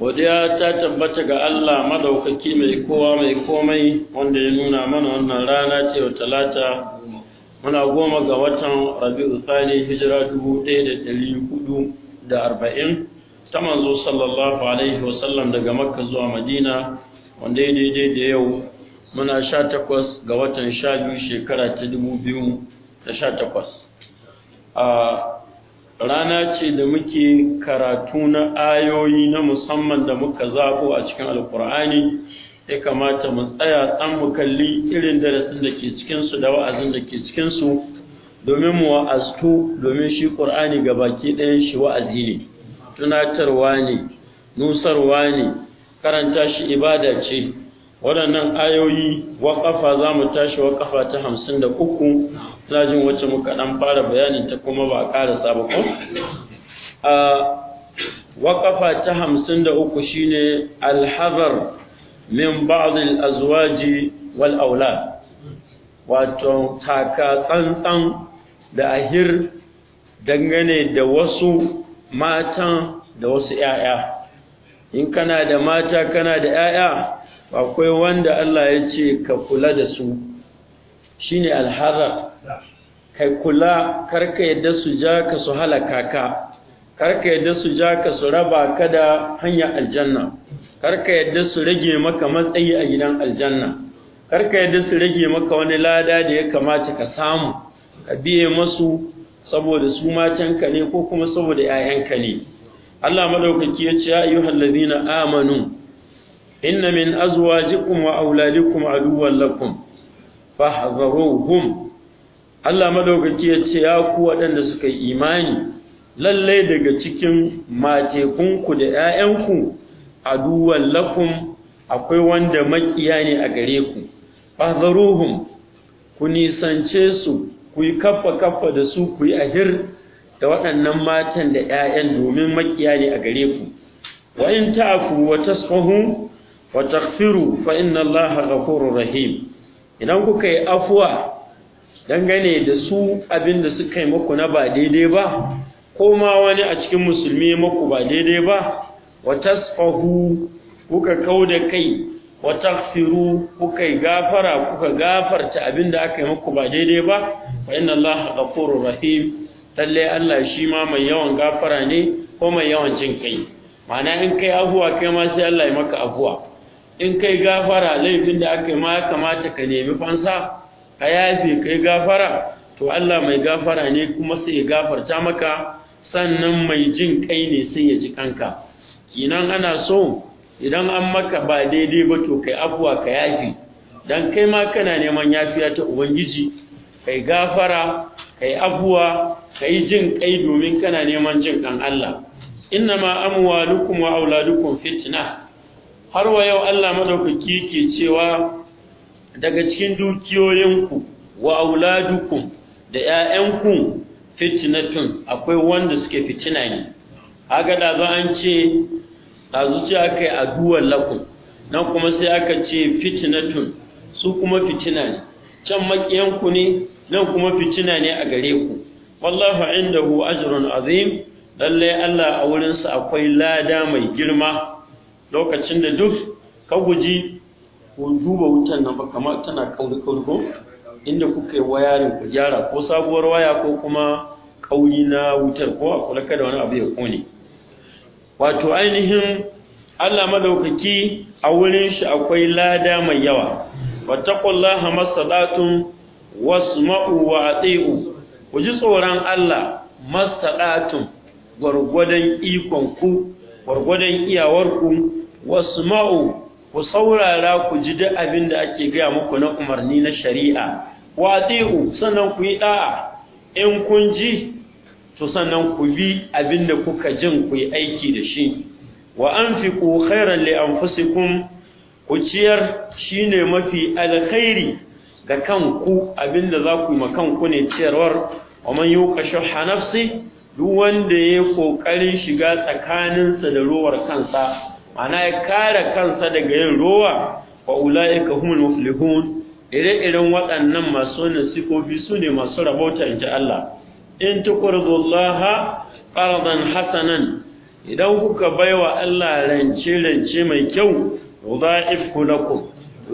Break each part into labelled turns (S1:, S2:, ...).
S1: godiya ta tabbata ga Allah madaukaki mai kowa mai komai wanda ya nuna mana wannan rana ce wa talata muna goma ga watan rabi'u sani hijira dubu ɗaya da ɗari hudu da arba'in ta manzo sallallahu alaihi wasallam daga makka zuwa madina wanda ya daidai da yau muna sha takwas ga watan sha shekara ta dubu biyu da sha takwas ah, rana ce da muke karatu na ayoyi na musamman da muka zaɓo a cikin alkur'ani ya kamata mu tsaya tsan mu kalli irin darasin da ke cikinsu da wa'azin da ke cikinsu domin mu wa'aztu domin shi ƙur'ani ga baki ɗayan shi wa'azi ne tunatarwa ne nusarwa ne karanta shi ibada ce waɗannan ayoyi ƙafa za mu tashi ƙafa ta hamsin da uku ina jin wacce muka ɗan fara bayanin ta kuma ba a ƙara saba a wa ƙafa ta hamsin da uku shine alhazar min ba'adil azwaji wal aula wato taka tsantsan da ahir dangane da wasu matan da wasu 'ya'ya in kana da mata kana da 'ya'ya akwai wanda Allah ya ce ka kula da su Shi ne alhazar ka kula karka yadda su ja ka su halaka ka karka yadda su ja ka su raba ka da hanyar aljanna karka yadda su rage maka matsayi a gidan aljanna karka yadda su rage maka wani lada da ya kamata ka samu ka biye masu saboda su matanka ne ko kuma saboda 'ya'yanka ne Allah maɗaukaki ya ce ya ayyuhal amanu inna min أزواجكم wa عدوا لكم فاحذروهم Allah madaukaki ya ce ya ku waɗanda suka yi imani lalle daga cikin matekunku da ƴaƴanku a'du lakum akwai wanda makiya ne a gare ku fahdharuhum ku nisance su ku yi kaffa kaffa da su ku yi ahir da waɗannan matan da 'ya'yan domin makiya ne a gare ku wa in ta'fu wa tasfahu wa taghfiru fa inna allaha ghafurur rahim idan kuka yi afuwa dangane da su abin da suka yi muku na ba daidai ba ko ma wani a cikin musulmi ya muku ba daidai ba wa tasfahu kuka kauda kai wa taghfiru kuka yi gafara kuka gafarta abin da aka yi muku ba daidai ba fa inna allaha ghafurur rahim lalle Allah shi ma mai yawan gafara ne ko mai yawan jin kai ma'ana in kai abuwa kai ma sai Allah ya maka abuwa in kai gafara laifin da aka ma kamata ka nemi fansa ka yafe kai gafara to Allah mai gafara ne kuma sai ya gafarta maka sannan mai jin kai ne sai ya ji kanka kinan ana so idan an maka ba daidai ba to kai afuwa ka yafi dan kai ma kana neman yafiya ta ubangiji kai gafara kai afuwa kai jin kai domin kana neman jin dan Allah innama amwalukum wa auladukum fitna har wa yau Allah madaukaki ke cewa daga cikin dukiyoyinku wa auladukum da ƴaƴanku fitnatun akwai wanda suke fitina ne haka da zo an ce a zuciya aka yi aduwar nan kuma sai aka ce fitnatun su kuma fitina ne can makiyanku ne nan kuma fitina ne a gare ku wallahu indahu ajrun azim Lallai Allah a wurinsa akwai lada mai girma lokacin da duk ka guji duba wutan nan ba kamar tana kauri kauri ko inda kuka yi ne ku gyara ko sabuwar waya ko kuma kauri na wutar ko a kula kada wani abu ya kone wato ainihin Allah madaukaki a wurin shi akwai lada mai yawa wattaqullaha mastata'tum wasma'u wa ati'u ku ji tsoron Allah mastata'tum gwargwadon ikon ku gwargwadon iyawarku wasma'u ku saurara ku ji duk abin da ake gaya muku na umarni na shari'a wati'u sannan ku yi da'a in kun ji to sannan ku bi abin da kuka jin ku yi aiki da shi wa anfiqu khairan li anfusikum ku ciyar shine mafi alkhairi ga kanku abin da za ku yi ma kanku ne ciyarwar wa man yuqa duk wanda ya yi kokarin shiga tsakaninsa da rowar kansa ana ya kare kansa daga yin rowa wa ulaika humul muflihun ire-iren waɗannan masu nasifofi su ne masu rabauta in Allah in tukurdullaha qardan hasanan idan kuka baiwa Allah rance rance mai kyau yudha'ifhu lakum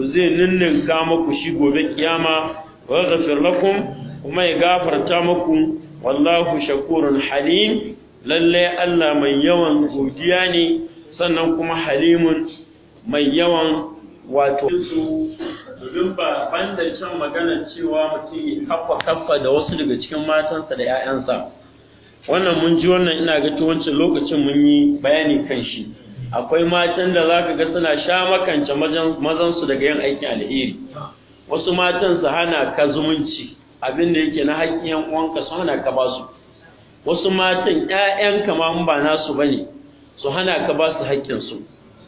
S1: zai ka muku shi gobe kiyama wa zafir lakum kuma ya gafarta muku wallahu shakurun halim lalle Allah mai yawan godiya ne sannan kuma halimun mai yawan wato su ba banda can magana cewa mutum ya kaffa kaffa da wasu daga cikin matansa da 'ya'yansa wannan mun ji wannan ina ga wancan lokacin mun yi bayani kan shi akwai matan da zaka ga suna sha makance su daga yin aikin alheri wasu matan su hana ka zumunci abin da yake na haƙƙin yan uwanka su hana ka ba su wasu matan ƴaƴanka ma in ba nasu bane su hana ka ba su haƙƙin su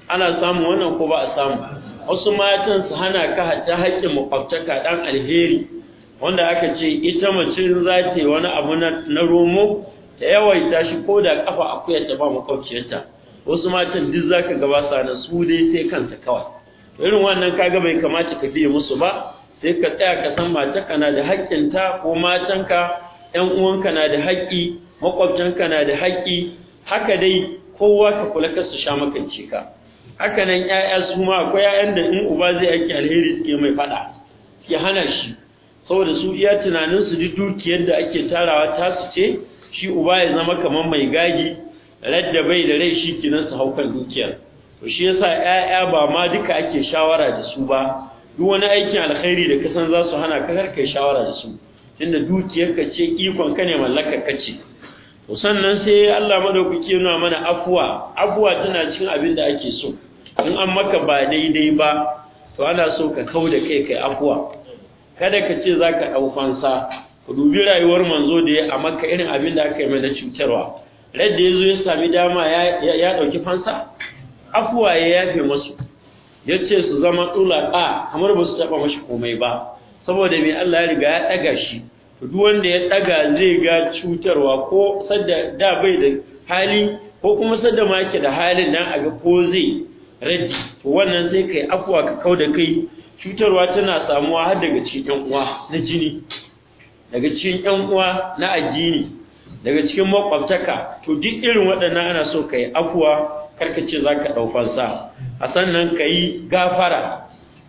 S1: ana samu wannan ko ba a samu wasu matan su hana ka hatta haƙƙin makwabtaka dan alheri wanda aka ce ita mace za ta yi wani abu na romo ta yawaita shi ko da kafa akuya ta ba makwabciyarta wasu matan duk zaka gaba su da su dai sai kansa kawai irin wannan kaga bai kamata ka biye musu ba sai ka tsaya ka san ka na da ta ko matanka ‘yan uwanka na da haƙƙi maƙwabtanka na da haƙƙi haka dai kowa ka kula ka su sha maka cika. haka nan ‘ya'ya su ma akwai ‘ya'yan da in uba zai aiki alheri suke mai faɗa suke hana shi saboda su iya tunanin su duk dukiyar da ake tarawa ta su ce shi uba ya zama kamar mai gadi radda bai da rai shi kinan su haukan dukiyar to shi yasa ‘ya'ya ba ma duka ake shawara da su ba duk wani aikin alkhairi da kasan za su hana ka kar kai shawara da su tunda dukiyarka ce ikon ka ne mallakar ka ce to sannan sai Allah madaukaki yana mana afwa afwa tana cikin abin da ake so in an maka ba daidai ba to ana so ka kau da kai kai afwa kada ka ce zaka dau fansa ku dubi rayuwar manzo da ya a maka irin abin da aka yi mai na cutarwa radda yazo ya sami dama ya ɗauki fansa Afuwa ya yafe musu ya ce su zama a kamar ba su taɓa mashi komai ba saboda mai Allah ya riga ya ɗaga shi to duk wanda ya ɗaga zai ga cutarwa ko sadda da bai da hali ko kuma sadda ma yake da halin nan a ga ko zai raddi to wannan sai kai afuwa ka kau da kai cutarwa tana samuwa har daga cikin ƴan uwa na jini daga cikin ƴan uwa na addini daga cikin makwabtaka to duk irin waɗannan ana so kai afuwa karka ce zaka ɗaukar sa a sannan ka yi gafara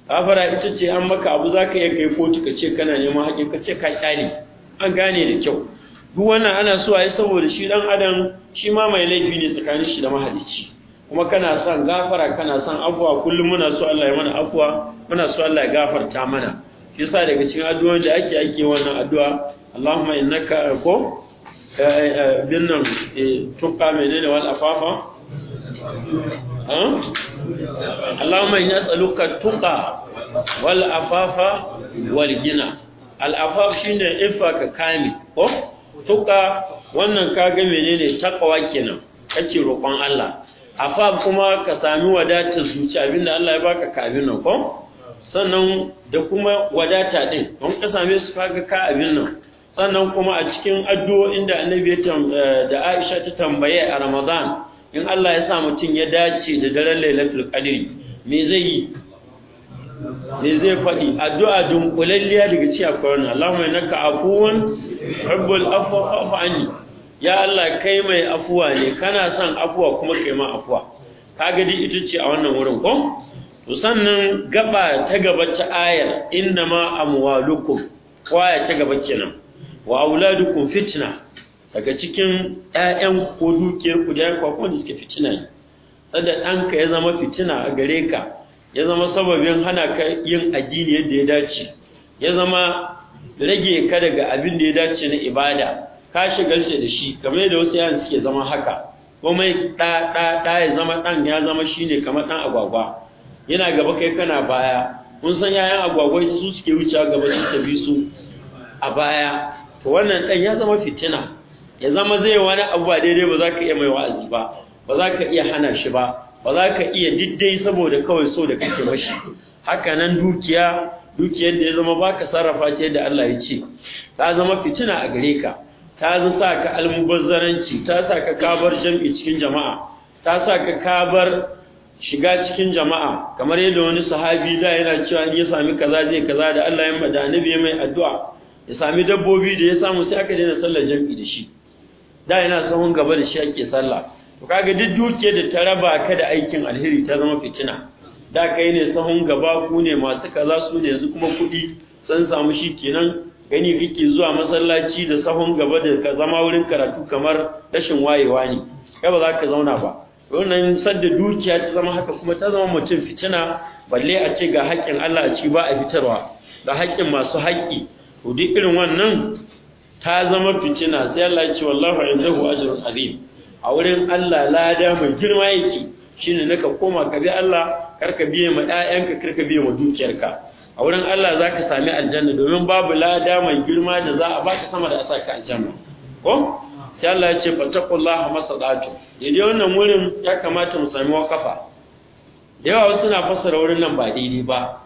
S1: gafara ita ce an maka abu za ka iya kai kotu ka ce kana neman haƙin ka ce ka ƙyale an gane da kyau duk wannan ana so a yi saboda shi ɗan adam shi ma mai laifi ne tsakanin shi da mahalicci kuma kana son gafara kana son afuwa kullum muna so Allah ya mana afuwa muna so Allah ya gafarta mana shi yasa daga cikin addu'o'in da ake ake wannan addu'a Allahumma innaka ko eh, eh, eh, binnan mai menene wal afafa Allahumma inni as'aluka tunqa wal afafa wal gina al afaf shine ifa ka kame ko tunqa wannan kaga menene takawa kenan kake roƙon Allah afaf kuma ka sami wadatar zuci abinda Allah ya baka kafin nan ko sannan da kuma wadata din don ka same su faka ka abin nan sannan kuma a cikin addu'o'in da annabi eh, da Aisha ta tambaye a Ramadan in Allah ya sa mutum ya dace da daren lailatul qadri me zai yi me zai faɗi addu'a dunkulalliya daga ci a kwarna Allahumma innaka afuwan hubbul afwa fa'fu anni ya Allah kai mai afuwa ne kana son afuwa kuma kai ma afuwa kaga dai ita ce a wannan wurin ko to sannan gaba ta gaba ta ayar innama amwalukum waya ta gaba kenan wa auladukum fitna daga cikin ‘ya'yan ko dukiyar ku da yanku da suke fitina ne tsada ɗanka ya zama fitina a gare ka ya zama sababin hana ka yin addini yadda ya dace ya zama rage ka daga abin da ya dace na ibada ka shigarce da shi kamar da wasu yaran suke zama haka kuma ɗa ɗa ɗa ya zama ɗan ya zama shine kamar ɗan agwagwa yana gaba kai kana baya kun san yayan agwagwa su suke wucewa gaba su tafi su a baya to wannan ɗan ya zama fitina ya zama zai wani abuwa daidai ba za ka iya mai wa'azi ba ba za ka iya hana shi ba ba za ka iya diddai saboda kawai so da kake mashi haka nan dukiya dukiyar da ya zama ba ka sarrafa ce da Allah ya ce ta zama fitina a gare ka ta sa ka almubazzaranci ta sa ka kabar jam'i cikin jama'a ta sa ka kabar shiga cikin jama'a kamar yadda wani sahabi da yana cewa in ya sami kaza zai kaza da Allah ya mada mai addu'a ya sami dabbobi da ya samu sai aka daina sallar jam'i da shi da yana sahun gaba da shi ake sallah to kaga duk dukiyar da ta raba ka da aikin alheri ta zama fitina da kai ne sahun gaba ku ne masu kaza su ne yanzu kuma kuɗi san samu shi kenan gani kike zuwa masallaci da sahun gaba da ka zama wurin karatu kamar rashin wayewa ne kai ba za ka zauna ba wannan sadda dukiya ta zama haka kuma ta zama mutum fitina balle a ce ga haƙƙin Allah a ci ba a fitarwa da haƙƙin masu haƙƙi to duk irin wannan ta zama fitina sai Allah ya ce wallahu indahu ajrun azim a wurin Allah lada mai girma yake shine naka koma ka bi Allah kar ka biye ma ƴaƴanka kar ka biye ma dukiyarka a wurin Allah zaka sami aljanna domin babu lada mai girma da za a baka sama da asa ka aljanna ko sai Allah ya ce fattaqullaha masadatu yaje wannan wurin ya kamata mu sami wakafa da yawa suna fassara wurin nan ba daidai ba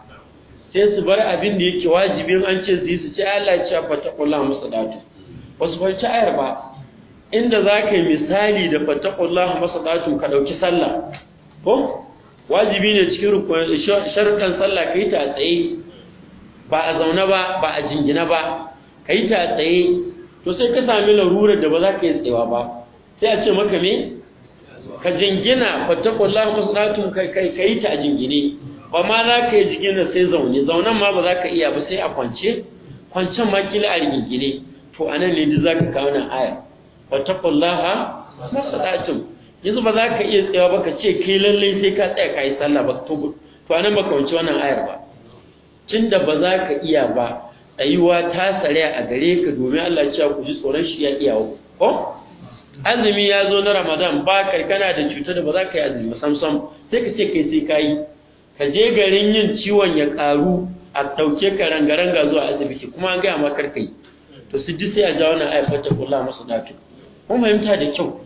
S1: sai su bar abin da yake wajibin an ce su yi su ci Allah a fatakullah datu ba su farci ayar ba inda za ka yi misali da fatakullah datu ka ɗauki sallah ko wajibi ne cikin sharuɗan sallah ka yi ta tsaye ba a zaune ba ba a jingina ba ka yi ta tsaye to sai ka sami larurar da ba za ka yi tsewa ba sai a ce maka me ka jingina fatakullah musadatu ka yi ta a jingine ba ma za ka yi jikin da sai zaune zaunen ma ba za ka iya ba sai a kwance kwancen ma kila a rigingine to a nan ne duk za ka kawo nan aya wa taqullaha masalatun yanzu ba za ka iya tsayawa ba ka ce kai lallai sai ka tsaya ka yi sallah ba to to a nan ba ka wuce wannan ayar ba da ba za ka iya ba tsayuwa ta tsare a gare ka domin Allah cewa ku ji tsoron shi ya iya ko azumi ya zo na Ramadan ba kai kana da cuta da ba za ka yi azumi samsam sai ka ce kai sai ka yi ka je garin yin ciwon ya ƙaru a ɗauke ka ga zuwa asibiti kuma an gaya makar kai to su ji sai a ja na ayat fata kula masu datu mun fahimta da kyau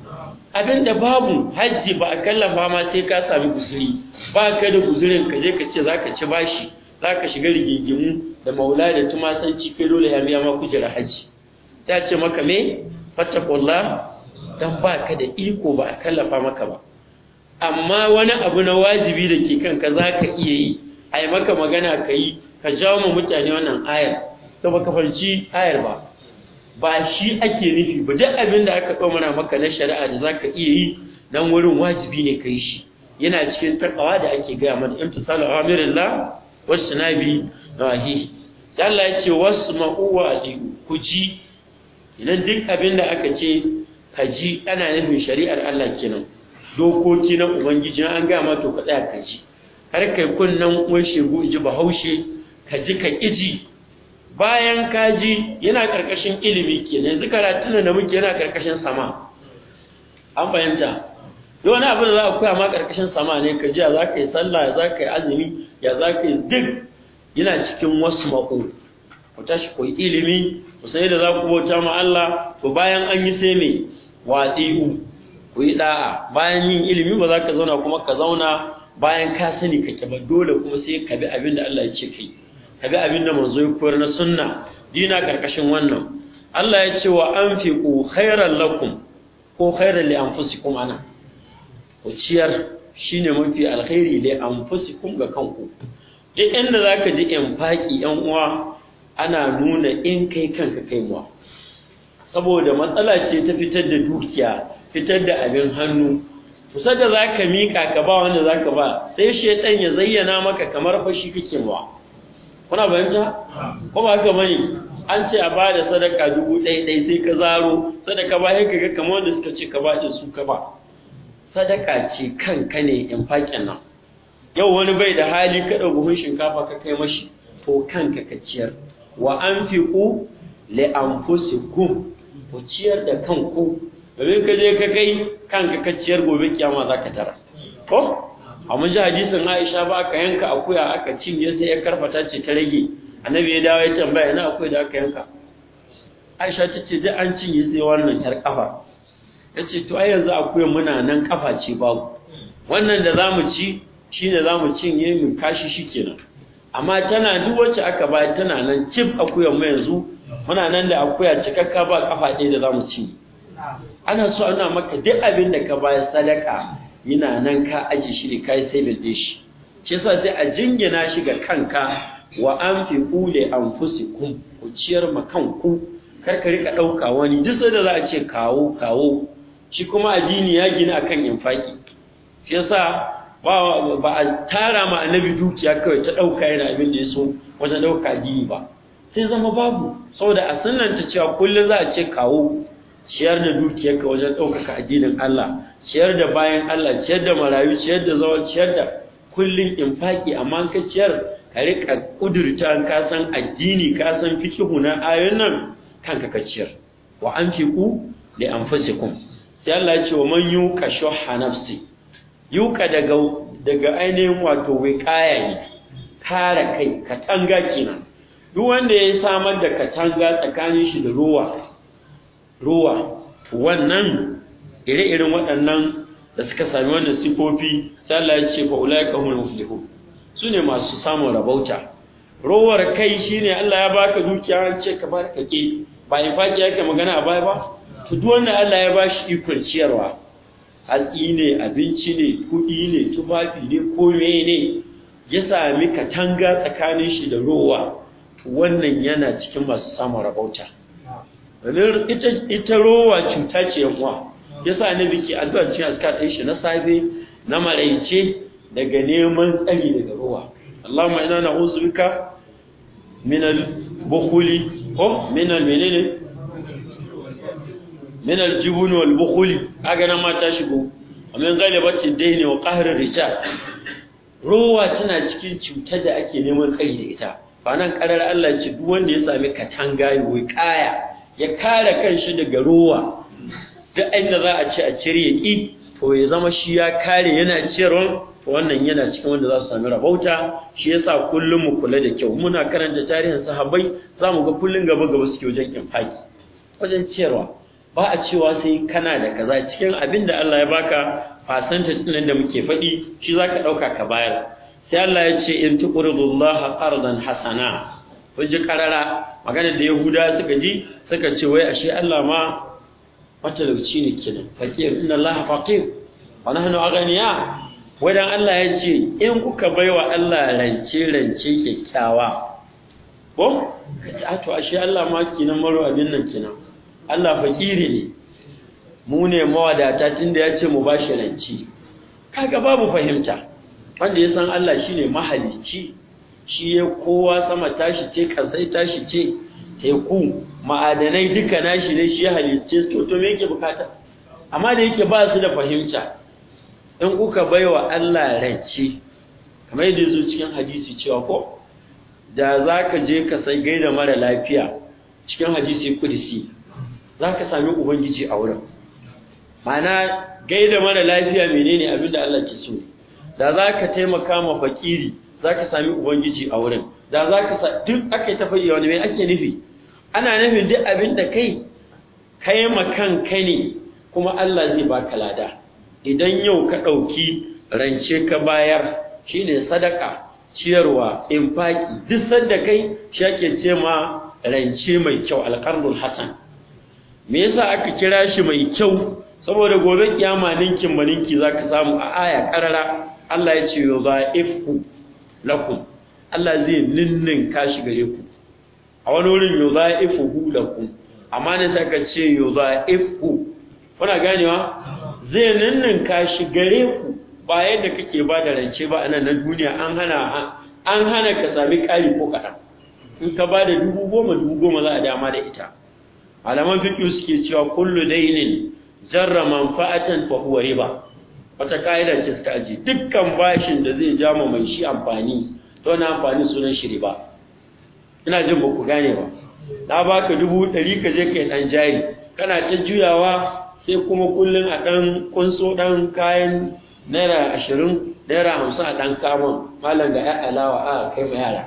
S1: abin da babu hajji ba a ba ma sai ka sami guzuri ba ka da guzurin ka je ka ce za ka ci bashi za ka shiga rigingimu da maula da tumasanci kai dole ya biya ma kujera hajji sai ce maka me fata kula dan ba ka da iko ba a kallafa maka ba amma wani abu na wajibi da ke kanka za ka iya yi a yi maka magana ka yi ka jawo ma mutane wannan ayar ta baka farci ayar ba ba shi ake nufi ba duk abin da aka ɗaumana maka na shari'a da za ka iya yi nan wurin wajibi ne ka yi shi yana cikin takawa da ake gaya mana imtisalu amirillah wasu nabi nahi sai Allah ya ce wasu ma'uwa ku ji idan duk abin da aka ce ka ji ana nufin shari'ar Allah kenan dokoki na ubangiji an ga ma to ka tsaya ka ji har kai kunnan wani shegu ji bahaushe ka ji ka iji bayan ka ji yana karkashin ilimi kenan yanzu karatun da muke yana karkashin sama an fahimta duk wani abu da za ka koya ma karkashin sama ne ka ji za ka yi sallah za ka yi azumi ya za ka yi duk yana cikin wasu mako ku tashi ku yi ilimi ku sai da za ku bauta ma Allah to bayan an yi sai me watsi'u ku yi da'a bayan yin ilimi ba za ka zauna kuma ka zauna bayan ka sani ka kyaba dole kuma sai ka bi abin da Allah ya ce kai ka bi abin da manzo ya koyar na sunna dina karkashin wannan Allah ya ce wa anfiqu khairan lakum ko khairan li anfusikum ana ku ciyar shine mafi alkhairi li anfusikum ga kanku duk inda zaka ji infaki yan uwa ana nuna in kai kanka kai muwa saboda matsala ce ta fitar da dukiya fitar da abin hannu kusa da za ka miƙa ka ba wanda za ka ba sai shi ya zayyana maka kamar fashi kake ba kuna bayanta ko ba haka bane an ce a ba da sadaka dubu ɗaya ɗaya sai ka zaro sadaka ba sai ka ga kamar wanda suka ce ka ba din su ka ba sadaka ce kanka ne in faƙin nan yau wani bai da hali ka ɗau buhun shinkafa ka kai mashi to kanka ka ciyar wa an fi ku le ku ciyar da kanku domin ka je ka kai kanka kacciyar gobe kiyama za ka tara ko mun ji hadisin Aisha ba aka yanka akuya aka cinye sai ya karfata ce ta rage annabi ya dawo ya tambaya ina akuya da aka yanka Aisha ta ce duk an cinye sai wannan tar kafa ce to ai yanzu akuya muna nan kafa ce babu wannan da zamu ci shine zamu cinye mu kashi shikenan amma tana duk wacce aka ba tana nan cip akuyan mu yanzu muna nan da akuya cikakka ba kafa ɗaya da zamu cinye ana so ana maka duk abin da ka bayar sadaka yana nan ka aje shi ne ka yi saving shi shi yasa sai a jingina shi ga kanka wa an fi kule an fusi kun ku ciyar ma kanku kar ka rika ɗauka wani duk sai da za a ce kawo kawo shi kuma addini ya gina akan infaki shi yasa ba ba a tara ma annabi dukiya kawai ta ɗauka yana abin da ya so wajen ɗauka addini ba sai zama babu saboda a sunanta cewa kullum za a ce kawo ciyar da dukiyarka wajen ɗaukaka addinin Allah ciyar da bayan Allah ciyar da marayu ciyar da zawar ciyar da kullum infaki amma ka ciyar ka riƙa ƙudurta ka san addini ka san fikihu na ayoyin nan kanka ka ciyar wa anfiqu li anfusikum sai Allah ya ce wa man yuqa hanafsi yuqa daga daga ainihin wato kaya ne kare kai katanga kenan duk wanda ya samar da katanga tsakanin shi da ruwa ruwa wannan ire-iren waɗannan da suka sami wannan sifofi sai ya ce fa ulaika humul Su ne masu samun rabauta rowar kai shine Allah ya baka dukiya an ce ka bar ke ba in faɗi yake magana a baya ba to duk wannan Allah ya bashi ikon ciyarwa hatsi ne abinci ne kuɗi ne tufafi ne komai ne ya sami katanga tsakanin shi da rowa wannan yana cikin masu samun rabauta ita rowa cuta ce yanwa ya sa ne biki addu'a cikin askar ɗin shi na safe na maraice daga neman tsari daga rowa Allahumma ina na bika Min al bukhuli ko min al menene al jibun wal bukhuli aga na mata shigo amin dai ne wa qahrir rijal rowa tana cikin cutar da ake neman tsari da ita fa nan karar Allah ce duk wanda ya sami katanga yoyi kaya ya kare kanshi daga ruwa duk inda za a ce a cire yaki to ya zama shi ya kare yana ciyarwa to wannan yana cikin wanda za su sami rabauta shi yasa kullum mu kula da kyau muna karanta tarihin sahabbai mu ga kullun gaba gaba suke wajen infaki wajen ciyarwa ba a cewa sai kana da kaza cikin abin da Allah ya baka fasanta din da muke faɗi shi zaka ɗauka ka bayar sai Allah ya ce in tuqridullaha qardan hasana kun ji karara maganar da yahuda suka ji suka ce wai ashe Allah ma matalauci ne kenan fakir inna Allah faqir wa nahnu aghniya wadan Allah ya ce in kuka baiwa Allah rance rance kyakkyawa ko kace a to ashe Allah ma kinan maro abin nan kenan Allah fakiri ne mu ne mawadata tunda ya ce mu bashi rance kaga babu fahimta wanda ya san Allah shine mahalicci shi ya kowa sama tashi ce ƙasai tashi ce teku ma'adanai duka nashi ne shi ya halitta su to me yake bukata amma da yake ba su da fahimta in kuka baiwa Allah rance kamar yadda zo cikin hadisi cewa ko da zaka je ka sai gaida mara lafiya cikin hadisi kudisi zaka sami ubangiji a wurin mana gaida mara lafiya menene abinda Allah ke so da zaka taimaka ma fakiri za ka sami ubangiji a wurin da za ka sa duk aka yi ta wani mai ake nufi ana nufin duk abin da kai kai makan kai ne kuma Allah zai baka lada idan yau ka ɗauki rance ka bayar shi ne sadaka ciyarwa infaki duk sanda kai shi ake ce ma rance mai kyau alƙarnul Hassan. me yasa aka kira shi mai kyau saboda gobe kiyama ninkin maninki ka samu a aya ƙarara? Allah ya ce ifku lakum Allah zai ninnin ka shi gare ku a wani wurin yudha'ifuhu lakum amma ne saka ce yudha'ifu kuna ganewa zai ninnin ka shi gare ku ba yadda kake ba da rance ba anan na duniya an hana an hana ka sami kari ko kaɗan in ka ba da dubu goma dubu goma za a dama da ita malaman fiƙi suke cewa kullu dainin jarra manfa'atan fa huwa riba wata ka'ida ce suka aji dukkan bashin da zai ja ma mai shi amfani to na amfani sunan shi riba ina jin ba gane ba na baka dubu ɗari ka je kai ɗan jari kana ta juyawa sai kuma kullum a ɗan kunso ɗan kayan naira ashirin naira hamsin a ɗan kamun malam ya alawa a kai ma yara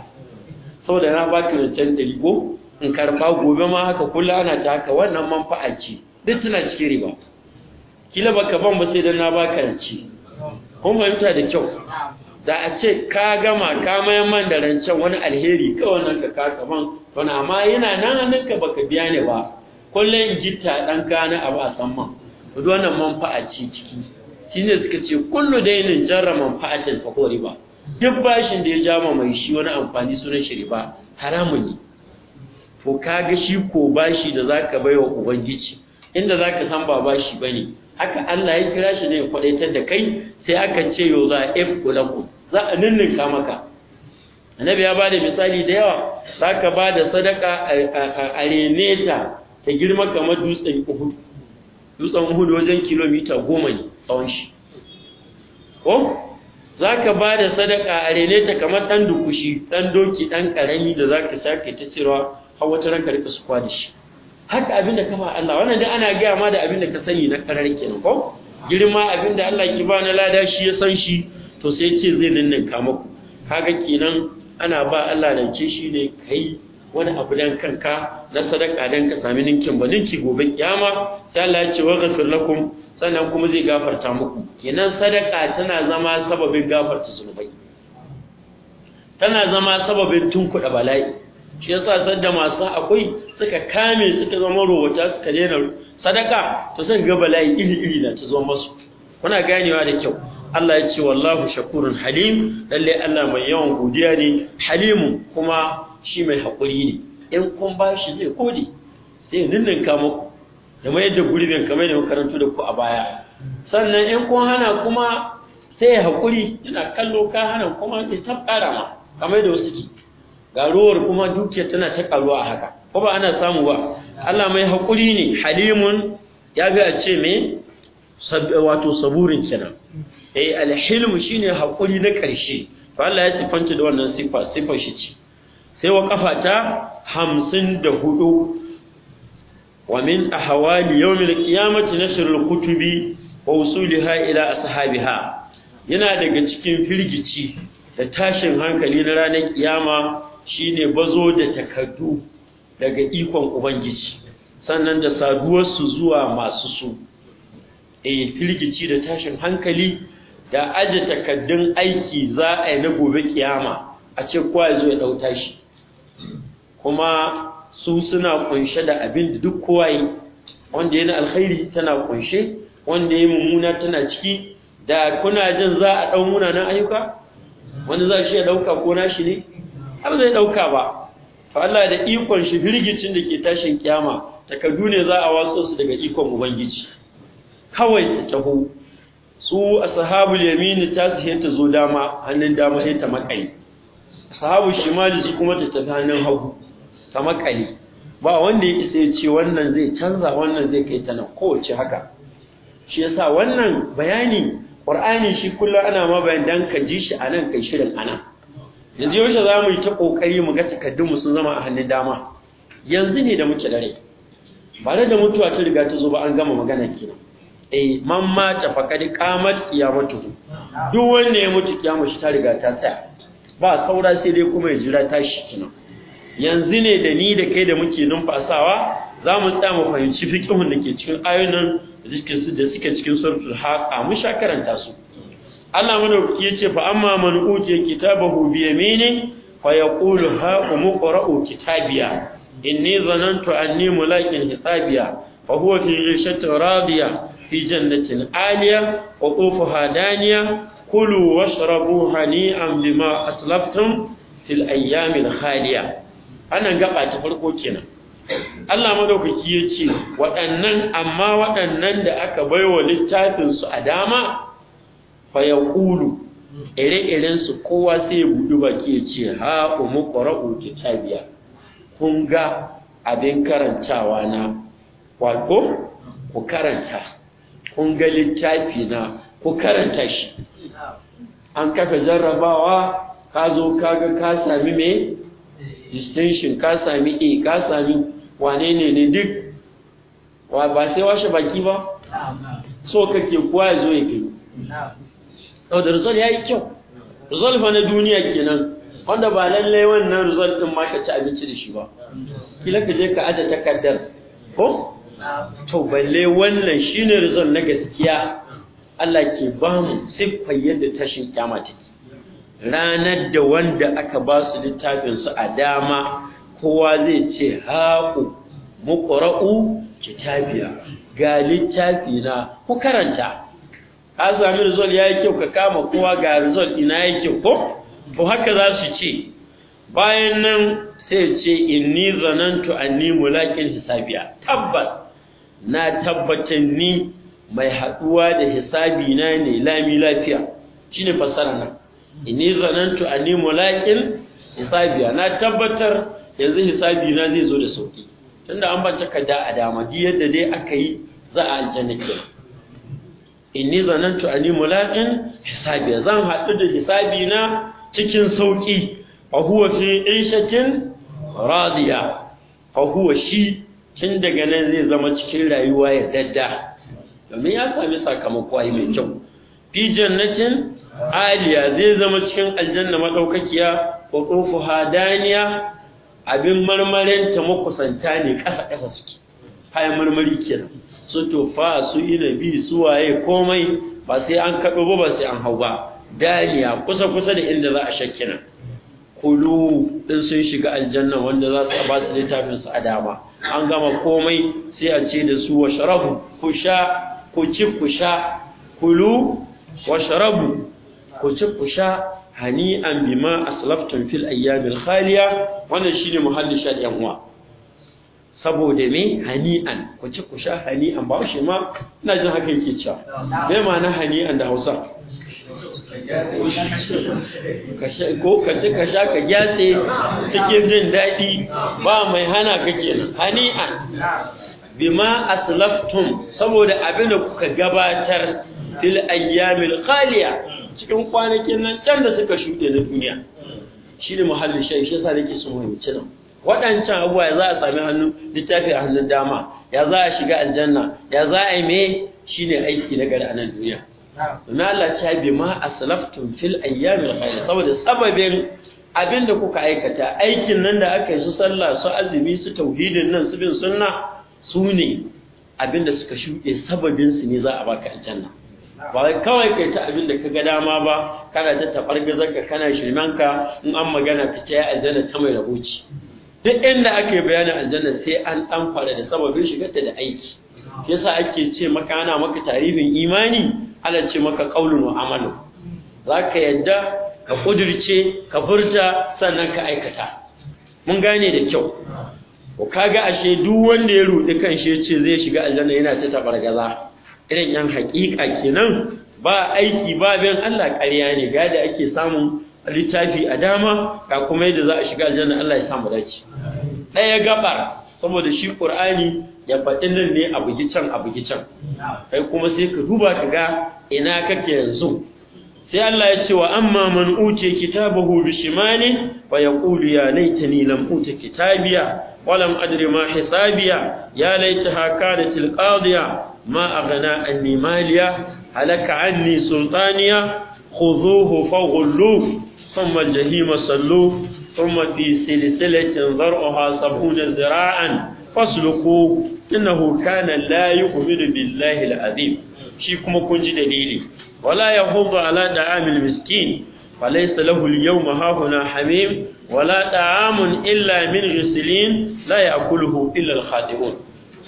S1: Saboda da na baki rancen ɗari ko in karɓa gobe ma haka kula ana ta haka wannan manfa'a ce duk tana cikin riba kila baka ban ba sai dan na baka ci kun fahimta da kyau da a ce ka gama ka mayan man da rancen wani alheri kawai nan ka kaka wani amma yana nan ka baka biya ne ba kullum gitta dan kana abu a san man duk wannan man fa a ci ciki shine suka ce kullu dainin jarra man fa'atil fakori ba duk bashin da ya jama mai shi wani amfani sunan shi ba haramun ne to kaga shi ko bashi da zaka baiwa ubangiji inda zaka san ba bashi bane haka Allah ya kira shi ne ya kwadaitar da kai sai aka ce yo za if laku za a ninninka maka annabi ya ba da misali da yawa za ka ba da sadaka a reneta ta girma kamar dutsen Uhud dutsen wajen kilomita goma ne tsawon shi ko za ka ba da sadaka a reneta kamar dan dukushi dan doki dan karami da zaka sake ta cewa har wata ranka rika su kwadi shi haka abin da kama Allah wannan dai ana gaya ma da abin da ka sani na karar kenan ko girma abin da Allah ki ba na lada shi ya san shi to sai ce zai ninninka maku kaga kenan ana ba Allah da ce shi ne kai wani abu dan kanka na sadaka dan ka sami ninkin ba ninki gobe kiyama sai Allah ya ce wa ghafir lakum sannan kuma zai gafarta muku kenan sadaka tana zama sababin gafarta zunubai tana zama sababin tunkuɗa bala'i shi sa sadda masu akwai suka kame suka zama rubuta suka daina sadaka ta sun ga layi iri iri na ta zama masu kuna ganewa da kyau Allah ya ce wallahu shakurun halim lalle Allah mai yawan godiya ne halimu kuma shi mai haƙuri ne in kun ba shi zai gode sai ninninka muku da mai yadda gurbin kamar da makarantu da ku a baya sannan in kun hana kuma sai haƙuri yana kallo ka hana kuma bai tabbara ma kamar da wasu ki garuwar kuma dukiyar tana ta karuwa a haka ko ba ana samu ba Allah mai hakuri ne halimun ya bi a ce me wato saburin kenan eh alhilmu shine hakuri na ƙarshe. to Allah ya sifanta da wannan sifa sifa shi ce sai wa kafa ta 54 wa min ahwali yawmil qiyamati nashrul kutubi wa wusuliha ila ashabiha yana daga cikin firgici da tashin hankali na ranar kiyama shine bazo da takaddu daga ikon ubangiji sannan da saduwar su zuwa masu su eh firgici da tashin hankali da aje takaddun aiki za a yi na gobe kiyama a ce kowa ya zo ya dauta shi. kuma su suna kunshe da abin da duk kowa yi wanda yana alkhairi tana kunshe wanda ya mummuna tana ciki da kuna jin za a ɗau munanan ayyuka wanda za shi ya ɗauka ko nashi ne har zai ɗauka ba to Allah da ikon shi firgicin da ke tashin kyama takardu ne za a watso su daga ikon ubangiji kawai su taho su ashabu yamini ta su ta zo dama hannun dama sai ta makali ashabu shimali su kuma ta tafi hannun hagu ta makali ba wanda ya isa ya ce wannan zai canza wannan zai kai ta nan kowace haka shi yasa wannan bayani Qur'ani shi kullum ana ma bayan dan ka ji shi anan kai shirin anan yanzu yaushe za mu yi ta ƙoƙari mu ga takaddunmu sun zama a hannun dama yanzu ne da muke dare ba da mutuwa ta riga ta zo ba an gama maganar kenan eh man ta faqad qamat kiyamatu duk wanda ya mutu kiyamu shi ta riga ta tsaya ba saura sai dai kuma ya jira tashi kenan yanzu ne da ni da kai da muke numfasawa za mu tsaya mu fahimci fikihun da ke cikin ayoyin da suke cikin suratul haqa mu sha karanta su Allah madaukaki ce fa amma man uje kitabahu bi yamini fa yaqulu ha umqra'u kitabiya inni zanantu anni mulaqin hisabiya fa huwa fi ghishati radiya fi jannatin 'aliya wa qufuha daniya kulu washrabu hani'an bima aslaftum fil al khaliya anan ga baki farko kenan Allah madaukaki yace waɗannan amma waɗannan da aka baiwa littafin su a dama fayaqulu ire-iren su kowa sai ya buɗi baki ya ce ha umu ta kitabiya kun ga abin karantawa na wato ku karanta kun ga littafi na ku karanta shi an kafa jarrabawa ka zo kaga ka sami me distinction ka sami a ka sami wane ne ne duk ba sai washe baki ba so kake kuwa ya zo ya da result ya yi kyau result fa na duniya kenan wanda ba lallai wannan result din ma ka ci abinci da shi ba kila ka je ka aje takardar ko to balle wannan shine result na gaskiya Allah ke ba mu siffar yadda tashin kyama take ranar da wanda aka ba su littafin su a dama kowa zai ce haƙu muqra'u kitabiya ga littafi na ku karanta ka sami result ya yi kyau ka kama kowa ga result ina ya kyau ko ko haka za su ce bayan nan sai ce inni zanantu ni mulakin hisabiya tabbas na tabbatar ni mai haɗuwa da hisabi na ne lami lafiya ne fasara nan inni zanantu ni mulakin hisabiya na tabbatar yanzu hisabi na zai zo da sauƙi. tunda an bance ka da a dama yadda dai aka yi za a aljanna kenan inni zanantu ani mulaqin hisabi. zan haɗu da hisabi na cikin sauki fa huwa fi ishatin radiya fa huwa shi tun daga nan zai zama cikin rayuwa ya dadda domin ya sami sakamako ai mai kyau fi jannatin aliya zai zama cikin aljanna maɗaukakiya ko qufu hadaniya abin marmarin ta makusanta ne ƙasa ƙasa suke hayan marmari kenan su tufa su inabi su waye komai ba sai an kaɗo ba sai an hau ba daliya kusa kusa da inda za a shakkina kulu din sun shiga aljanna wanda za su ba su littafin su a dama an gama komai sai a ce da su washrabu ku sha ku ci ku sha kulu washrabu ku ci ku sha an bima aslaftum fil ayyamil khaliya wannan shine muhallin sha da yan uwa saboda me hani'an ku ci ku sha hani'an ba shi ma ina jin haka yake cewa me ma'ana hani'an da Hausa ko ka ci ka sha ka gyatse cikin jin daɗi ba mai hana ka kenan hani'an bima aslaftum saboda abin da kuka gabatar fil ayyamil khaliya cikin kwanakin nan can da suka shuɗe na duniya shi ne muhallin shayi shi yasa nake son wani nan waɗancan abubuwa ya za a sami hannun littafi a hannun dama ya za a shiga aljanna ya za a yi shi shine aiki na gari a nan duniya domin Allah ta bi ma aslaftum fil ayyamin khair saboda sababin abin da kuka aikata aikin nan da aka yi su sallah su azumi su tauhidin nan su bin sunna su ne abin da suka shuɗe sababin su ne za a baka aljanna
S2: ba kawai
S1: kai ta abin da ka ga dama ba kana ta tabar ka, kana shirmanka in an magana ka ce aljanna ta mai rahoci duk inda ake bayanin aljanna sai an fara da sababin shigarta da aiki yasa ake ce maka ana maka tarihin imani ana ce maka qaulun wa amalu zaka yadda ka ƙudurce, ka furta sannan ka aikata mun gane da kyau ko kaga ashe duk wanda ya rudi kan shi yace zai shiga aljanna yana ta gaza. irin yan hakika kenan ba aiki ba bayan Allah ƙarya ne ga da ake samun littafi a dama ga kuma yadda za a shiga aljanna Allah ya samu dace ɗaya gabar saboda shi ƙur'ani ya faɗi nan ne a bugi a bugi kai kuma sai ka duba ka ga ina kake yanzu sai Allah ya ce wa amma man uce kitabahu bi shimali fa yaqulu ya laitani lam uta kitabiya wa lam adri ma hisabiya ya haka da alqadiya ma aghna anni maliya halaka anni sultaniya khudhuhu faghulluhu thumma aljahima salluhu ثم في سلسلة ذرعها سبعون زراعا فاسلكوه إنه كان لا يؤمن بالله العظيم شي كما كنت دليلي ولا يحض على دعام المسكين فليس له اليوم هاهنا حميم ولا طعام إلا من غسلين لا يأكله إلا الخاطئون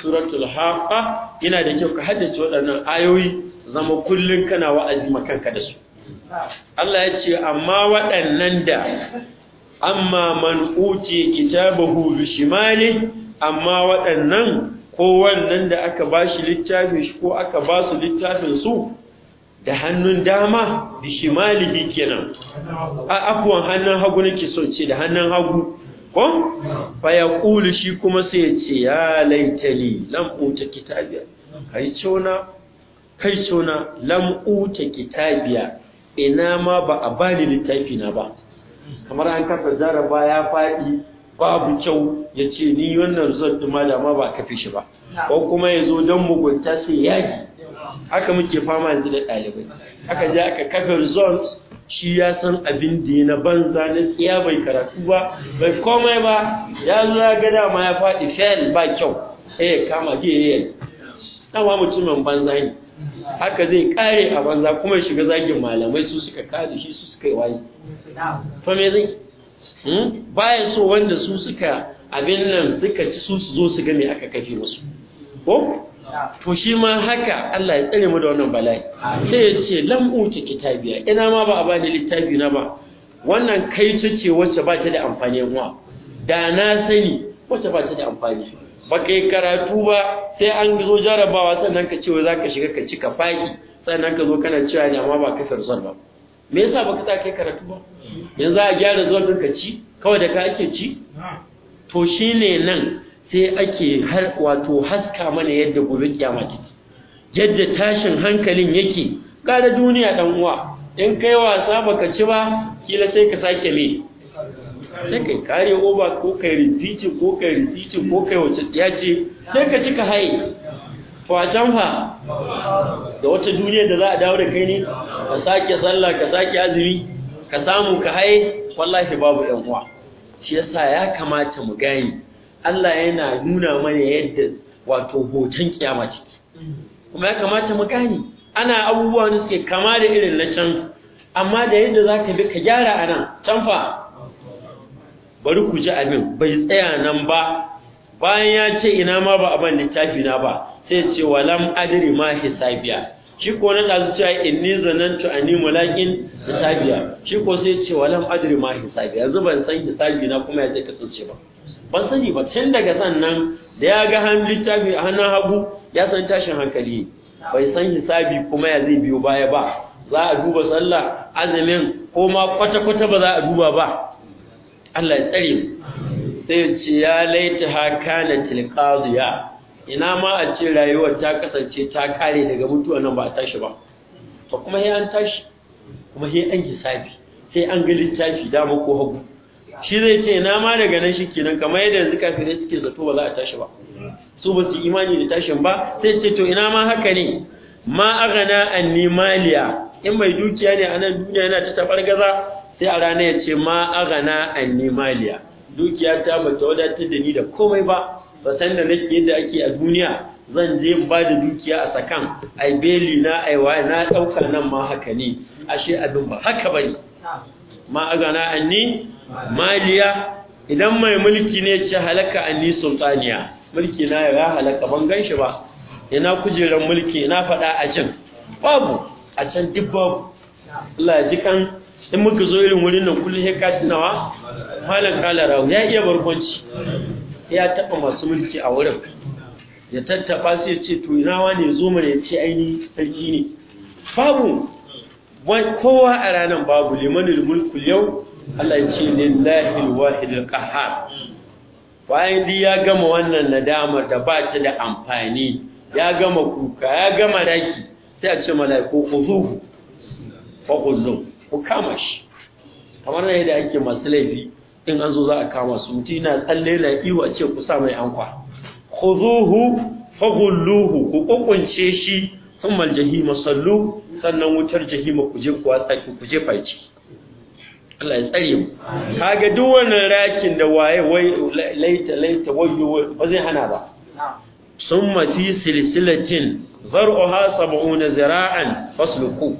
S1: سورة الحاقة هنا دكيو كحدث ka haddace زم كل zama kullun كان كدسو makanka da su Allah ya ce amma waɗannan da amma man uti kitabahu bishimali amma waɗannan ko wannan da aka bashi littafin shi ko aka ba su littafin su da hannun dama bi shimalihi kenan a afwan hannun hagu nake so ce da hannun hagu ko fa yaqulu shi kuma sai ya ce ya laitali lam uta kitabiya kai cona kai cona lam uta kitabiya ina ma ba a ba littafi na ba kamar an kafa jaraba ya faɗi babu kyau ya ce ni wannan zan ɗuma da ma ba kafe shi ba ko kuma ya zo don mugunta sai yaji haka muke fama yanzu da ɗalibai aka je aka kafa results shi ya san abin da ya na banza na tsiya bai karatu ba bai komai ba ya zo ya ga dama ya faɗi fail ba kyau eh kama ge ya yi dama mutumin banza ne haka zai kare a banza kuma shiga zagin malamai su suka kada shi su suka yi waye fa me zai hmm? baya so wanda su suka abin nan suka ci su su zo su ga me aka kafe musu ko to shi ma haka Allah ya tsare mu da wannan bala'i sai ya ce lam uti kitabiya ina ma ba a bani littafi na ba wannan kai ce wacce ba ta da amfani wa da na sani wacce ba ta da amfani ba kai karatu ba sai an zo jarabawa sannan ka cewa za ka shiga ka ci ka faɗi sannan ka zo kana cewa ne amma ba ka farzon ba me yasa baka sa kai karatu ba yanzu a gyara zuwa ka ci kawai da ka ake ci to shi ne nan sai ake har wato haska mana yadda gobe kiyama take yadda tashin hankalin yake ƙara duniya dan uwa in kai wasa baka ci ba kila sai ka sake me sai kai kare oba ko kai rifici ko kai rifici ko kai wace tsayace sai ka cika haye to a can da wata duniya da za a dawo da kai ne ka sake sallah ka sake azumi ka samu ka haye wallahi babu yan uwa shi yasa ya kamata mu gani Allah yana nuna mana yadda wato hoton kiyama ciki kuma ya kamata mu gani ana abubuwa da suke kama da irin na can amma da yadda za ka bi ka gyara anan nan bari ku ji abin bai tsaya nan ba bayan ya ce ina ma ba a ban littafi na ba sai ce walam adri ma hisabiya shi ko nan da cewa inni zanantu anni mulakin hisabiya shi ko sai ce walam adri ma hisabiya yanzu ban san hisabi na kuma ya zai kasance ba ban sani ba tun daga sannan da ya ga hannun littafi a hannun hagu ya san tashin hankali bai san hisabi kuma ya zai biyo baya ba za a duba sallah azumin ko ma kwata-kwata ba za a duba ba Allah ya tsare mu sai ya ce ya laita ha kana tilqaziya ina ma a ce rayuwar ta kasance ta kare daga mutuwa nan ba a tashi ba to kuma sai an tashi kuma sai an hisabi sai an ga littafi dama ko hagu shi zai ce ina ma daga nan shi kenan kamar yadda yanzu kafirai suke zato ba za a tashi ba su ba su imani da tashin ba sai ce to ina ma haka ne ma aghana anni in mai dukiya ne a nan duniya yana ta tabar gaza sai a rana ya ce ma agana anni maliya dukiya ta bata wadatar da ni da komai ba zaton da nake yadda ake a duniya zan je ba da dukiya a sakan ai beli na ai waye na dauka nan ma haka ne ashe abin ba haka bane ma agana anni maliya idan mai mulki ne ce halaka anni sultaniya mulki na ya halaka ban shi ba ina kujerar mulki ina fada a cin babu a can duk babu Allah ji kan in muka zo irin wurin nan kullum ya kaci nawa malam kala rawu ya iya barkwanci ya taɓa masu mulki a wurin ya tattaɓa su ya ce to wani ne zo mana ya ce aini sarki ne babu kowa a ranar babu limanin mulku yau Allah ya ce lillahi alwahidul qahhar bayan dai ya gama wannan nadama da ba ta da amfani ya gama kuka ya gama raki sai a ce mala'iku khuzuhu fa khuzuhu ku kama shi kamar yadda ake masu laifi in an zo za a kama su mutum yana tsalle na a ce ku sa mai ankwa zuhu fagulluhu ku kokunce shi sun maljahi masallu, sannan wutar jahima ku je kuwa tsaki ku je Allah ya tsare mu kaga duk wannan rakin da waye wai laita laita ba zai hana ba summa fi silsilatin zar'uha 70 zira'an fasluku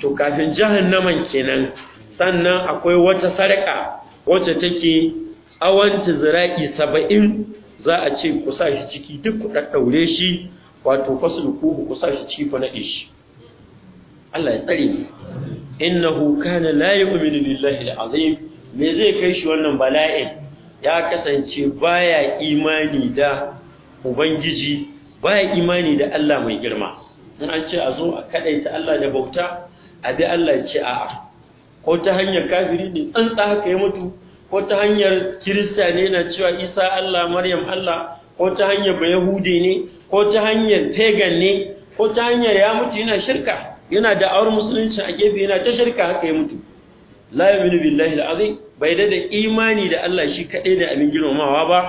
S1: to kafin jahannaman kenan sannan akwai wata sarƙa wacce take tsawonta zira'i saba'in za a ce ku sa shi ciki duk ku ɗaɗɗaure shi wato fasul kuhu ku sa shi ciki ku naɗe shi Allah ya tsare ni innahu kana la yu'minu billahi al-azim me zai kai shi wannan bala'in ya kasance baya imani da ubangiji baya imani da Allah mai girma in an ce a zo a kaɗaita Allah da bauta abi Allah ya ce a'a ko ta hanyar kafiri ne tsantsa haka ya mutu ko ta hanyar kirista ne yana cewa isa Allah maryam Allah ko ta hanyar bayahude ne ko ta hanyar pagan ne ko ta hanyar ya mutu yana shirka yana awar musulunci a gefe yana ta shirka haka ya mutu la yu'minu billahi alazim bai da da imani da Allah shi kadai da abin girmamawa ba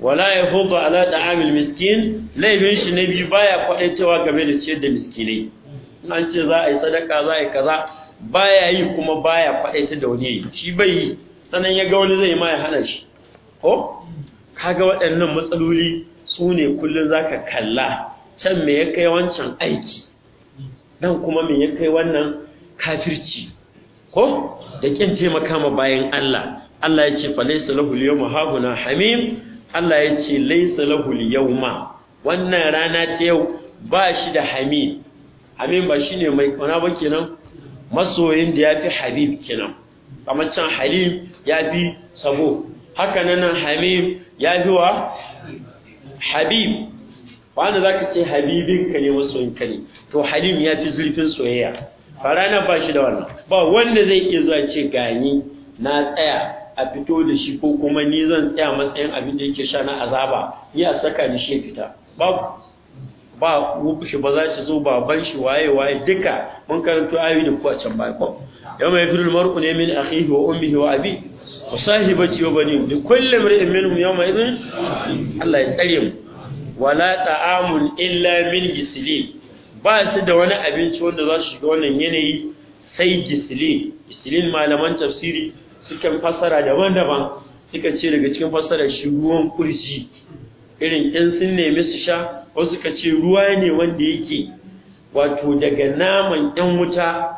S1: wala ya yahudu ala da'amil miskin laifin shi ne bi baya cewa game da ciyar da miskinai an ce za a yi sadaka za a yi kaza baya yi kuma baya faɗaita da wani shi bai yi sanan ya ga wani zai ma ya hana shi ko kaga waɗannan matsaloli su ne kullum za ka kalla can me ya kai wancan aiki nan kuma me ya kai wannan kafirci ko da ƙin taimaka ma bayan Allah Allah ya ce fa laysa lahu al-yawma hahuna hamim Allah ya ce laysa lahu al-yawma wannan rana ta yau ba shi da hamim amin ba shine mai kauna ba kenan masoyin da ya fi habib kenan kamar can halim fi sabo haka nan hamim fi wa habib wanda ka ce habibinka ne masoyin ka ne to halim ya fi zurfin soyayya farana ba shi da wannan ba wanda zai iya zuwa ce gani na tsaya a fito da shi ko kuma ni zan tsaya matsayin abin da yake sha na azaba ni a saka ni shi fita babu ba wufi ba za ta zo ba ban shi waye waye duka mun karanto ayoyi da ku a can baya ko yawma yafirul mar'u ne min akhihi wa ummihi wa abi wa sahibati wa bani li kulli mar'in minhum yawma idhin Allah ya tsare mu wala ta'amun illa min gisilin ba su da wani abinci wanda za su shiga wannan yanayi sai gisilin gisilin malaman tafsiri sukan fassara daban-daban suka ce daga cikin fassara shi ruwan kurji irin in sun nemi su sha wasu ka ce ruwa ne wanda yake wato daga naman yan wuta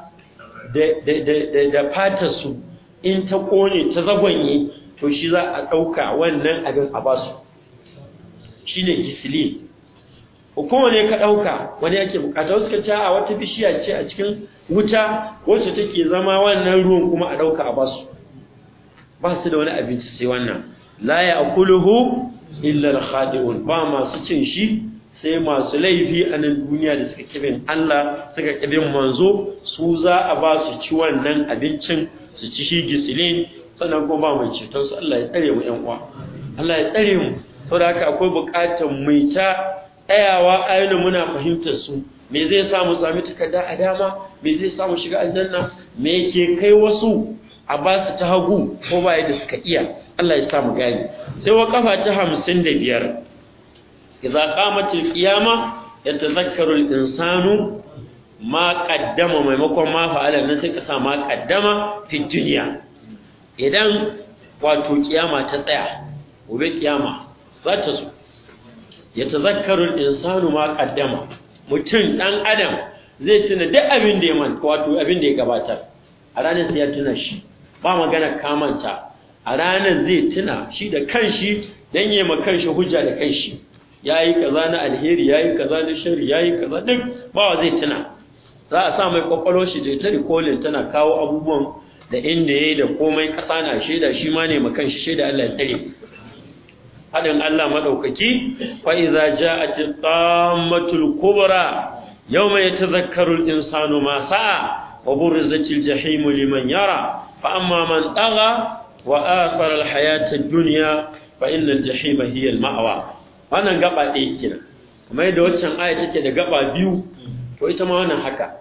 S1: da fata su in ta kone ta zagonye to shi za a ɗauka wannan abin a basu shi ne gisilin hukuma ne ka ɗauka wani ake bukata wasu ka a wata bishiya ce a cikin wuta wacce take zama wannan ruwan kuma a ɗauka a basu ba su da wani abinci sai wannan la ya akuluhu illa al-khadi'un ba masu cin shi sai masu laifi a nan duniya da suka kibin Allah suka kibin manzo su za a ba su ci wannan abincin su ci shi gisilin sannan kuma ba mai ceton su Allah ya tsare mu 'yan uwa Allah ya tsare mu saboda haka akwai buƙatar mai ta tsayawa ayyana muna fahimtar su me zai sa mu sami takarda a dama me zai sa mu shiga aljanna me yake kai wasu a ba su ta hagu ko ba yadda suka iya Allah ya sa mu gani sai wa kafa ta 55 idza qamatil qiyama ya al-insanu ma qaddama maimakon ma fa'ala nan sai ka sa ma qaddama idan wato kiyama ta tsaya gobe kiyama za ta zo yatazakkaru al-insanu ma mutum ɗan adam zai tuna duk abin da ya man wato abin da ya gabatar a ranar sai ya tuna shi ba magana kamanta a ranar zai tuna shi da kanshi dan yi ma kanshi hujja da kanshi Ya yayi kaza na alheri ya yayi kaza na shari ya yi kaza duk bawa zai tuna za a sa mai kwakwalo shi da ta rikolin tana kawo abubuwan da inda ya yi da komai kasa na shaida shi ma ne makan shi shaida Allah ya tsare hadin Allah madaukaki fa iza ja'at tammatul kubra yawma yatadhakkaru al-insanu ma sa'a wa burrizatil jahimu liman yara fa amma man tagha wa al-hayata ad-dunya fa inna al-jahima hiya al wannan gaba ɗaya kenan kamar yadda waccan aya take da gaba biyu to ita ma wannan haka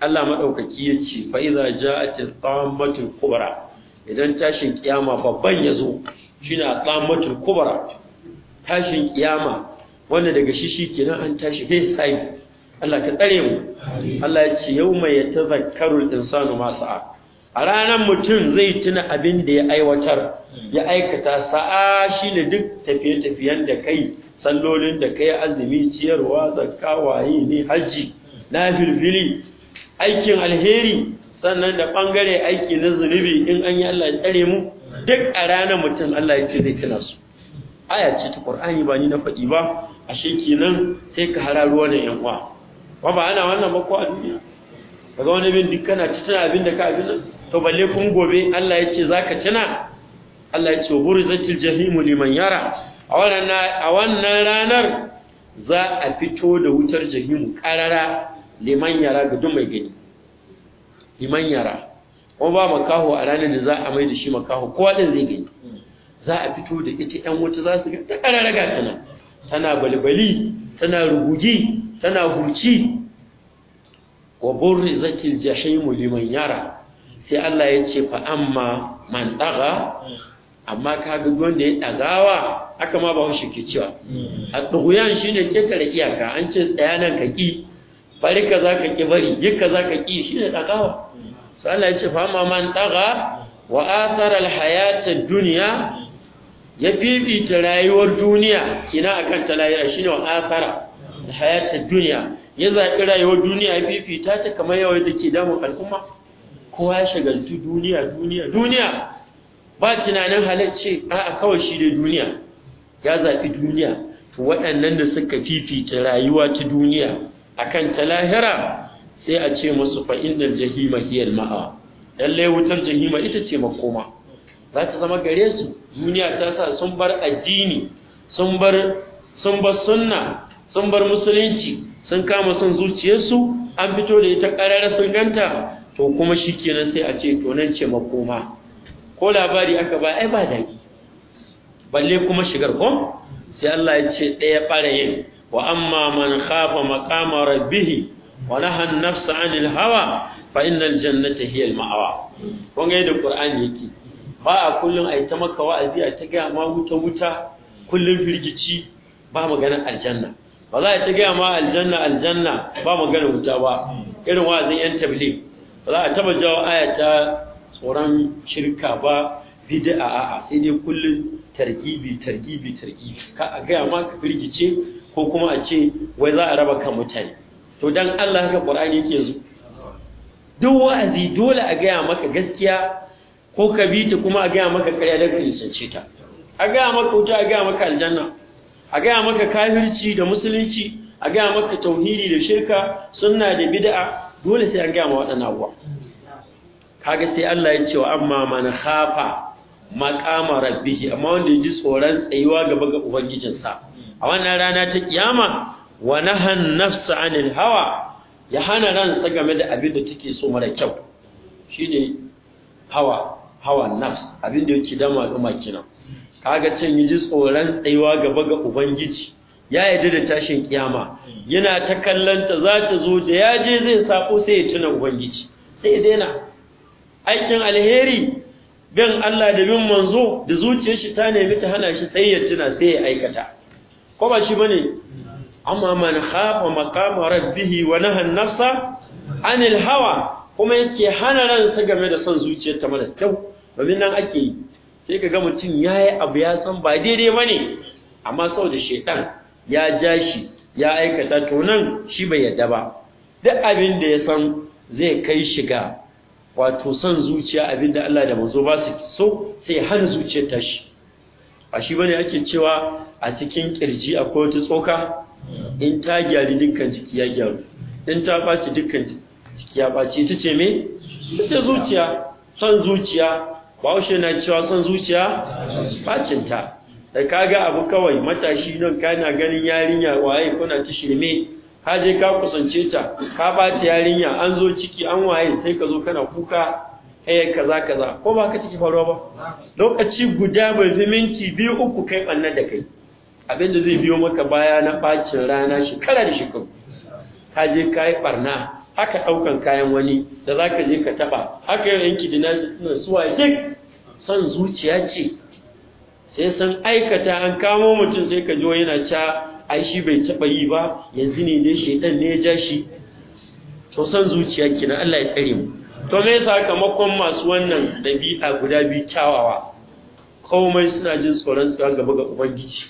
S1: Allah madaukaki ya ce fa iza ja'atil qamatul kubra idan tashin kiyama babban yazo shine qamatul kubra tashin kiyama wanda daga shi shikenan an tashi kai sai Allah ka tsare mu Allah ya ce yauma yatazakkarul insanu ma sa'a a ranar mutum zai tuna abin da ya aiwatar ya aikata sa'a shi ne duk tafiye-tafiyen da kai sallolin da kai azumi ciyarwa zakka waye ne hajji na filfili aikin alheri sannan da ɓangare aiki na zunubi in an yi Allah ya tsare mu duk a ranar mutum Allah ya ce zai tuna su aya ce ta Qur'ani ba ni na faɗi ba ashe kenan sai ka hararuwa da yan uwa ba ba ana wannan ba ko a duniya kaga wani bin duk kana tuna abin da ka abin nan to balle kun gobe Allah ya ce zaka cina? Allah ya ce burzatil jahimu liman yara a wannan a wannan ranar za a fito da wutar jahimu karara liman yara ga duk mai gani liman yara ko ba makaho a ranar da za a mai da shi makaho kowa din zai gani za a fito da ita ɗan wuta za su ga ta karara ga tana tana balbali tana rugugi tana burci. wa burrizatil jahimu liman yara sai Allah ya ce fa amma man daga amma kaga wanda ya dagawa aka ma ba shi ke cewa mm. a duguyan shine ketare iyaka an ce tsaya nan ka ki bari ka zaka ki bari yi ka zaka ki shine dagawa sai Allah ya ce fa amma man daga wa athara alhayata dunya ya bibita rayuwar duniya kina akan ta lahira shine wa athara alhayata dunya ya zaɓi rayuwar duniya ya bibita ta kamar yawai da ke damun al'umma kowa ya shagaltu duniya duniya duniya ba tunanin halacce a kawai shi dai duniya ya zaɓi duniya to waɗannan da suka fifita rayuwa ta duniya a kan ta lahira sai a ce masu fa'in da jahima ma'awa. ma'a lallai wutar jahima ita ce makoma za ta zama gare su duniya ta sa sun bar addini sun bar sunna sun bar musulunci sun kama son zuciyarsu an fito da ita ƙararra sun ganta to kuma shi kenan sai a ce to nan ce makoma ko labari aka ba ai ba dadi balle kuma shigar ko sai Allah ya ce ɗaya ɓarayin wa amma man khafa maqama rabbih wa nahan 'anil hawa fa innal jannata hiya al-ma'wa kun ga yadda Qur'ani yake ba a kullun ai ta maka wa'azi a ta ga ma wuta wuta kullun firgici ba magana aljanna ba za a ta ga ma aljanna aljanna ba maganar wuta ba irin wa'azin yan tabligh za a taba jawo aya ta tsoron shirka ba bid'a a'a sai dai kullum targibi targibi targibi ka a gaya ma ka firgice ko kuma a ce wai za a raba kan mutane to dan Allah haka Qur'ani yake zu duk wa'azi dole a gaya maka gaskiya ko ka bi ta kuma a gaya maka ƙarya don ka nisance ta a gaya maka wuta a gaya maka aljanna a gaya maka kafirci da musulunci a gaya maka tauhidi da shirka sunna da bid'a dole sai an gaya ma waɗannan abuwa kaga sai Allah ya ce wa amma man khafa maqama rabbih amma wanda yaji tsoron tsayuwa gaba ga ubangijinsa a wannan rana ta kiyama wa nahan nafsa anil hawa ya hana ransa game da abin da take so mara kyau shine hawa hawa nafs abin da yake dama al'umma kenan kaga cin yaji tsoron tsayuwa gaba ga ubangiji ya yi da tashin kiyama yana ta kallanta za ta zo da ya je zai sako sai ya tuna ubangiji sai ya daina aikin alheri bin Allah da bin manzo da zuciyar shi ta nemi ta hana shi sai ya tuna sai ya aikata ko ba shi bane amma man khafa maqama rabbih wa naha an-nafsa anil hawa kuma yake hana ransa game da son zuciyar ta mara kyau domin nan ake sai ka ga mutum yayi abu ya san ba daidai bane amma saboda shaitan ya ja shi ya aikata to nan shi bai yadda ba duk abin da ya san zai kai shiga wato son zuciya abin da Allah da manzo ba su so sai hana zuciyar tashi a shi bane ake cewa a cikin kirji akwai wata tsoka in ta gyari dukkan jiki ya gyaru in ta ɓaci dukkan jiki ya ɓaci ita ce me ita zuciya son zuciya ba na cewa son zuciya bacinta da ga abu kawai matashi nan kana ganin yarinya waye kuna ta shirme ka je ka kusance ta ka bata yarinya an zo ciki an waye sai ka zo kana kuka eh kaza kaza ko ba ka ciki faruwa ba lokaci guda bai fi minti biyu uku kai banna da kai abinda zai biyo maka baya na bacin rana shekara da shekaru ka je ka yi barna haka ɗaukan kayan wani da za ka je ka taɓa haka yin yanki dina suwa duk son zuciya ce sai san aikata an kamo mutum sai ka jo yana ca ai shi bai taba yi ba yanzu ne dai shedan ne ya ja shi to san zuciya kina Allah ya tsare mu to me sakamakon masu wannan dabi'a guda biyu kyawawa komai suna jin tsoron su gaba ga ubangiji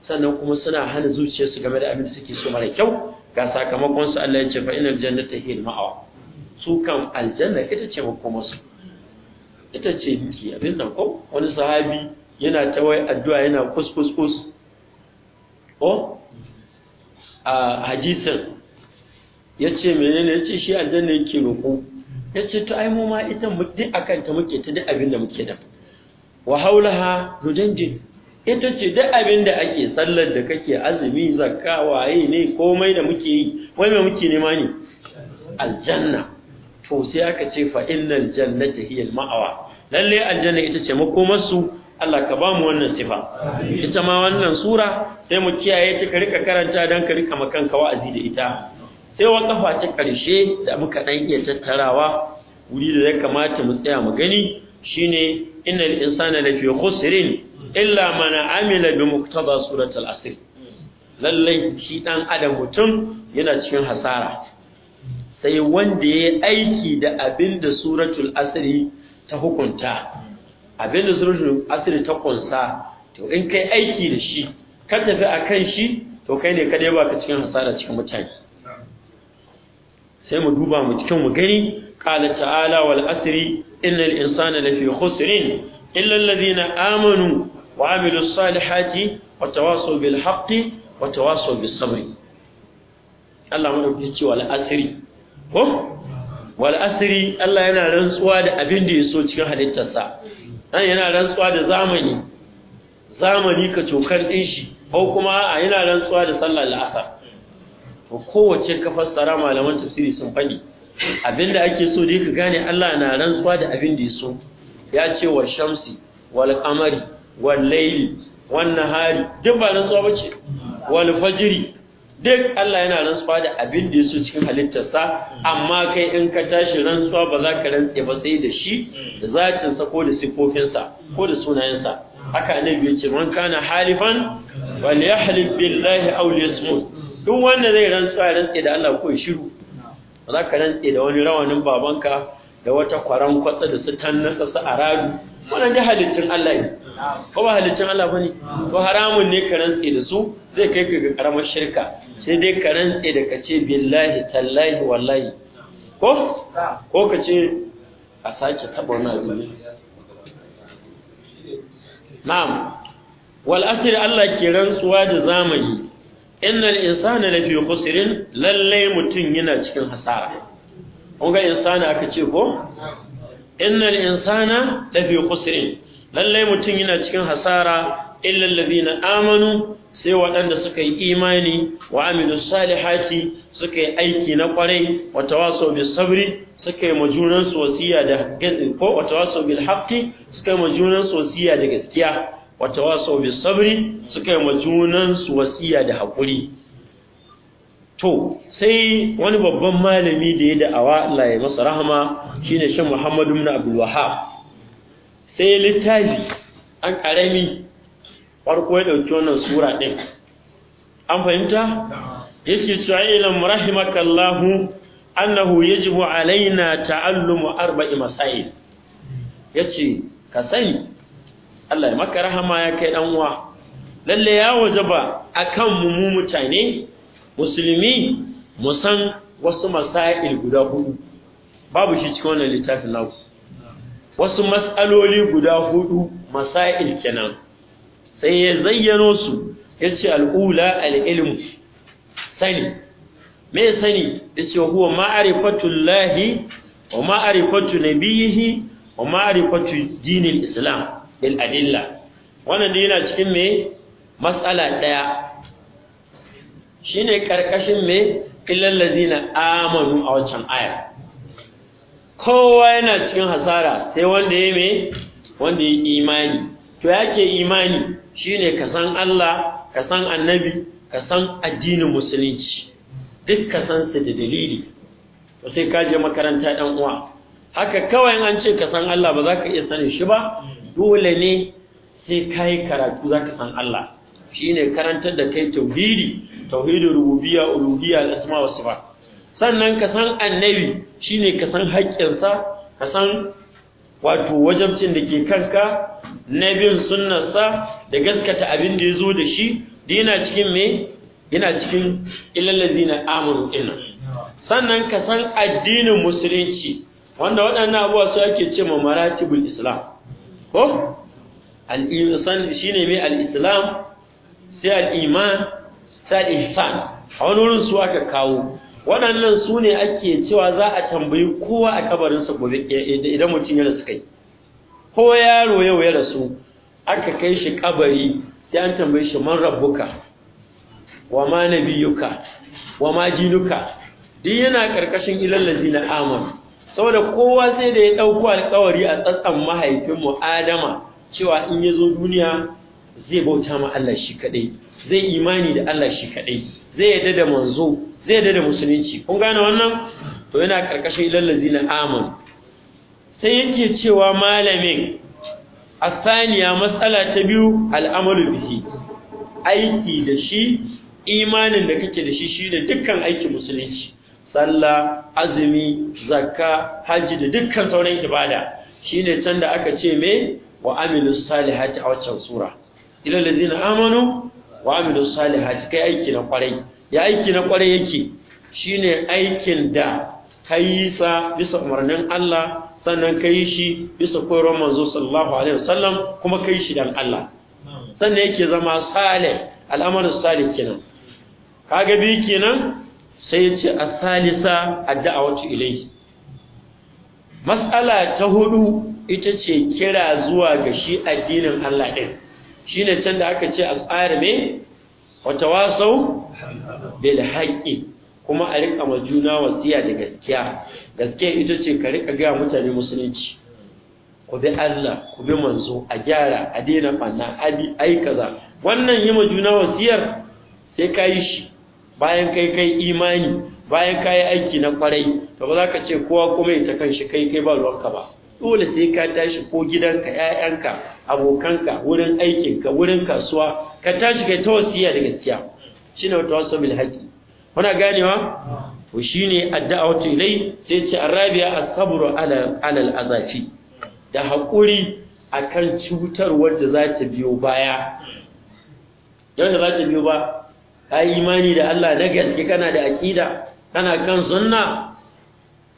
S1: sannan kuma suna hana zuciyarsu game da abin da take so mara kyau ga sakamakon su Allah ya ce fa inal jannata hiya ma'awa su kam aljanna ita ce makomarsu ita ce miki abin nan ko wani sahabi yana ta wai addu'a yana kus-kus-kus o a hadisin ya ce menene ya ce shi aljanna yake roƙo ya ce to ai mu ma ita mutum a kanta muke ta duk abin da muke da wa haulaha rudanjin ita ce duk abin da ake sallar da kake azumi zakka waye ne komai da muke yi wai mai muke nema ne aljanna to sai aka ce fa innal jannati hiya ma'awa lalle aljanna ita ce makomarsu Allah ka ba mu wannan sifa ita ma wannan sura sai mu kiyaye ta ka karanta don ka rika makanka wa'azi da ita sai kafa ta ƙarshe da muka ɗan iya tattarawa wuri da ya kamata mu tsaya mu gani shine innal insana lafi khusrin illa man amila bi muqtada suratul asr lallai shi dan adam mutum yana cikin hasara sai wanda ya aiki da abin da suratul asr ta hukunta abin da suratul asr ta kunsa to in kai aiki da shi ka tafi akan shi to kai ne kadai baka cikin hasara cikin mutane sai mu duba mu cikin mu gani qala ta'ala wal asri innal insana lafi khusrin illa alladhina amanu wa amilus salihati wa tawasaw bil haqqi wa tawasaw bis sabri Allah mu dauke cewa al asri ko wal asri Allah yana rantsuwa da abin da yaso cikin halittarsa nan yana rantsuwa da zamani zamani ka cokan ɗin shi ko kuma a yana rantsuwa da sallar la'asar to kowace ka fassara malaman tafsiri sun fadi abinda ake so dai ka gane Allah na rantsuwa da abin da ya so ya ce wa shamsi wal qamari wal layli wan nahari duk ba rantsuwa bace wal fajri duk Allah yana rantsuwa da abin da yaso cikin halittarsa amma kai in ka tashi rantsuwa ba za ka rantse ba sai da shi da zatin sa ko da sifofin sa ko da sunayen sa haka annabi ya ce man kana halifan yahlib billahi aw yasmut duk wanda zai rantsuwa ya rantse da Allah ko ya shiru ba za ka rantse da wani rawanin babanka da wata kwaran kwatsa da su tannasa su aradu wannan da halittun Allah ne ko ba halittun Allah ba ne to haramun ne ka rantse da su zai kai ka ga karamar shirka sai dai ka rantse da ka ce billahi tallahi wallahi ko ko ka ce a sake taba wani abin na'am wal asri Allah ke rantsuwa da zamani innal insana lafi khusrin lallai mutum yana cikin hasara kun ga insana aka ce ko innal insana lafi kusurin, lallai mutum yana cikin hasara illa alladhina amanu sai waɗanda suka yi imani wa amilu salihati suka yi aiki na ƙwarai, wa tawasaw bi sabri suka yi majunan sosiya da ko wa tawasaw bil haqqi suka yi majunan sosiya da gaskiya wa tawasaw bi sabri suka yi majunan sosiya da hakuri to sai wani babban malami da ya da'awa Allah ya masa rahama shine shan Muhammadu ibn Abdul Wahhab sai littafi an karami farko ya dauki wannan sura din an fahimta yake cewa ilam rahimakallahu annahu yajibu alaina ta'allumu arba'i masail yace ka sani Allah ya maka rahama ya kai dan uwa lalle ya wajaba akan mu mutane musulmi mu san wasu masail guda hudu babu shi cikin wannan littafin naku wasu mas'aloli guda hudu masail kenan sai ya zayyano su yace al'ula al'ilmu sani me sani yace huwa ma'rifatullahi wa ma'arifatu nabiyihi wa ma'arifatu dinil islam bil adilla wannan yana cikin mai mas'ala ɗaya. shine karkashin me illal ladina amanu a wancan aya kowa yana cikin hasara sai wanda ya me wanda ya imani to yake imani shine ka san Allah ka san annabi ka san addinin musulunci duk ka san su da dalili to sai ka je makaranta dan uwa haka kawai an ce ka san Allah ba za ka iya sanin shi ba dole ne sai ka yi karatu za ka san Allah shine karantar da kai tauhidi tauhidin rububiyya uluhiyya da asma wa sifa sannan ka san annabi shine ka san haƙƙinsa ka san wato wajabcin da ke kanka na bin sunnarsa da gaskata abin da ya zo da shi da yana cikin me yana cikin ilallazi na amuru ina sannan ka san addinin musulunci wanda waɗannan abuwa su ake ce ma maratibul islam ko al-islam shi ne mai al'islam sai iman sa ihsan a wani wurin su aka kawo waɗannan su ne ake cewa za a tambayi kowa a kabarinsa gobe idan mutum ya rasu kai ko yaro yau ya rasu aka kai shi kabari sai an tambayi shi man rabbuka wa ma nabiyuka wa ma jinuka duk yana karkashin ilal ladina amanu saboda kowa sai da ya ɗauko alƙawari a tsatsan mahaifin mu Adama cewa in ya zo duniya zai bauta ma Allah shi kaɗai. zai imani da Allah shi kaɗai. zai yadda da manzo zai yadda da musulunci kun gane wannan to yana karkashin na aman sai yake cewa malamin asaniya matsala ta biyu al'amalu bihi aiki da shi imanin da kake da shi shi da dukkan aikin musulunci sallah azumi zakka haji da dukkan sauran ibada shine can da aka ce me wa amilus salihati a waccan sura ilal ladzina amanu wa amilu salihati kai aiki na kwarai ya aiki na kwarai yake shine aikin da kai sa bisa umarnin Allah sannan kai shi bisa koyarwar manzo sallallahu alaihi wasallam kuma kai shi dan Allah sannan yake zama salih al'amarin salih kenan kaga bi kenan sai ya ce asalisa adda'awatu ilayhi Matsala ta hudu ita ce kira zuwa ga shi addinin Allah ɗin Shi ne can da aka ce a tsari mai wata wasau bil haqqi kuma a rika ma wasiya da gaskiya gaskiya ita ce ka rika ga mutane musulunci ku bi Allah ku bi manzo a gyara a daina banna abi ai kaza wannan yi ma juna wasiyar sai ka yi shi bayan kai kai imani bayan ka yi aiki na kwarai to ba za ka ce kowa kuma ya ta kan shi kai kai ba ruwanka ba dole sai ka tashi ko gidanka 'ya'yanka, abokanka wurin aikinka wurin kasuwa ka tashi kai ta da gaskiya shine tawassul haqi kuna ganewa to shine wata ilai sai ce arabiya as-sabru ala ala azafi da hakuri akan cutar da za ta biyo baya yau da za ta biyo ba ka yi imani da Allah na gaske kana da aƙida? kana kan sunna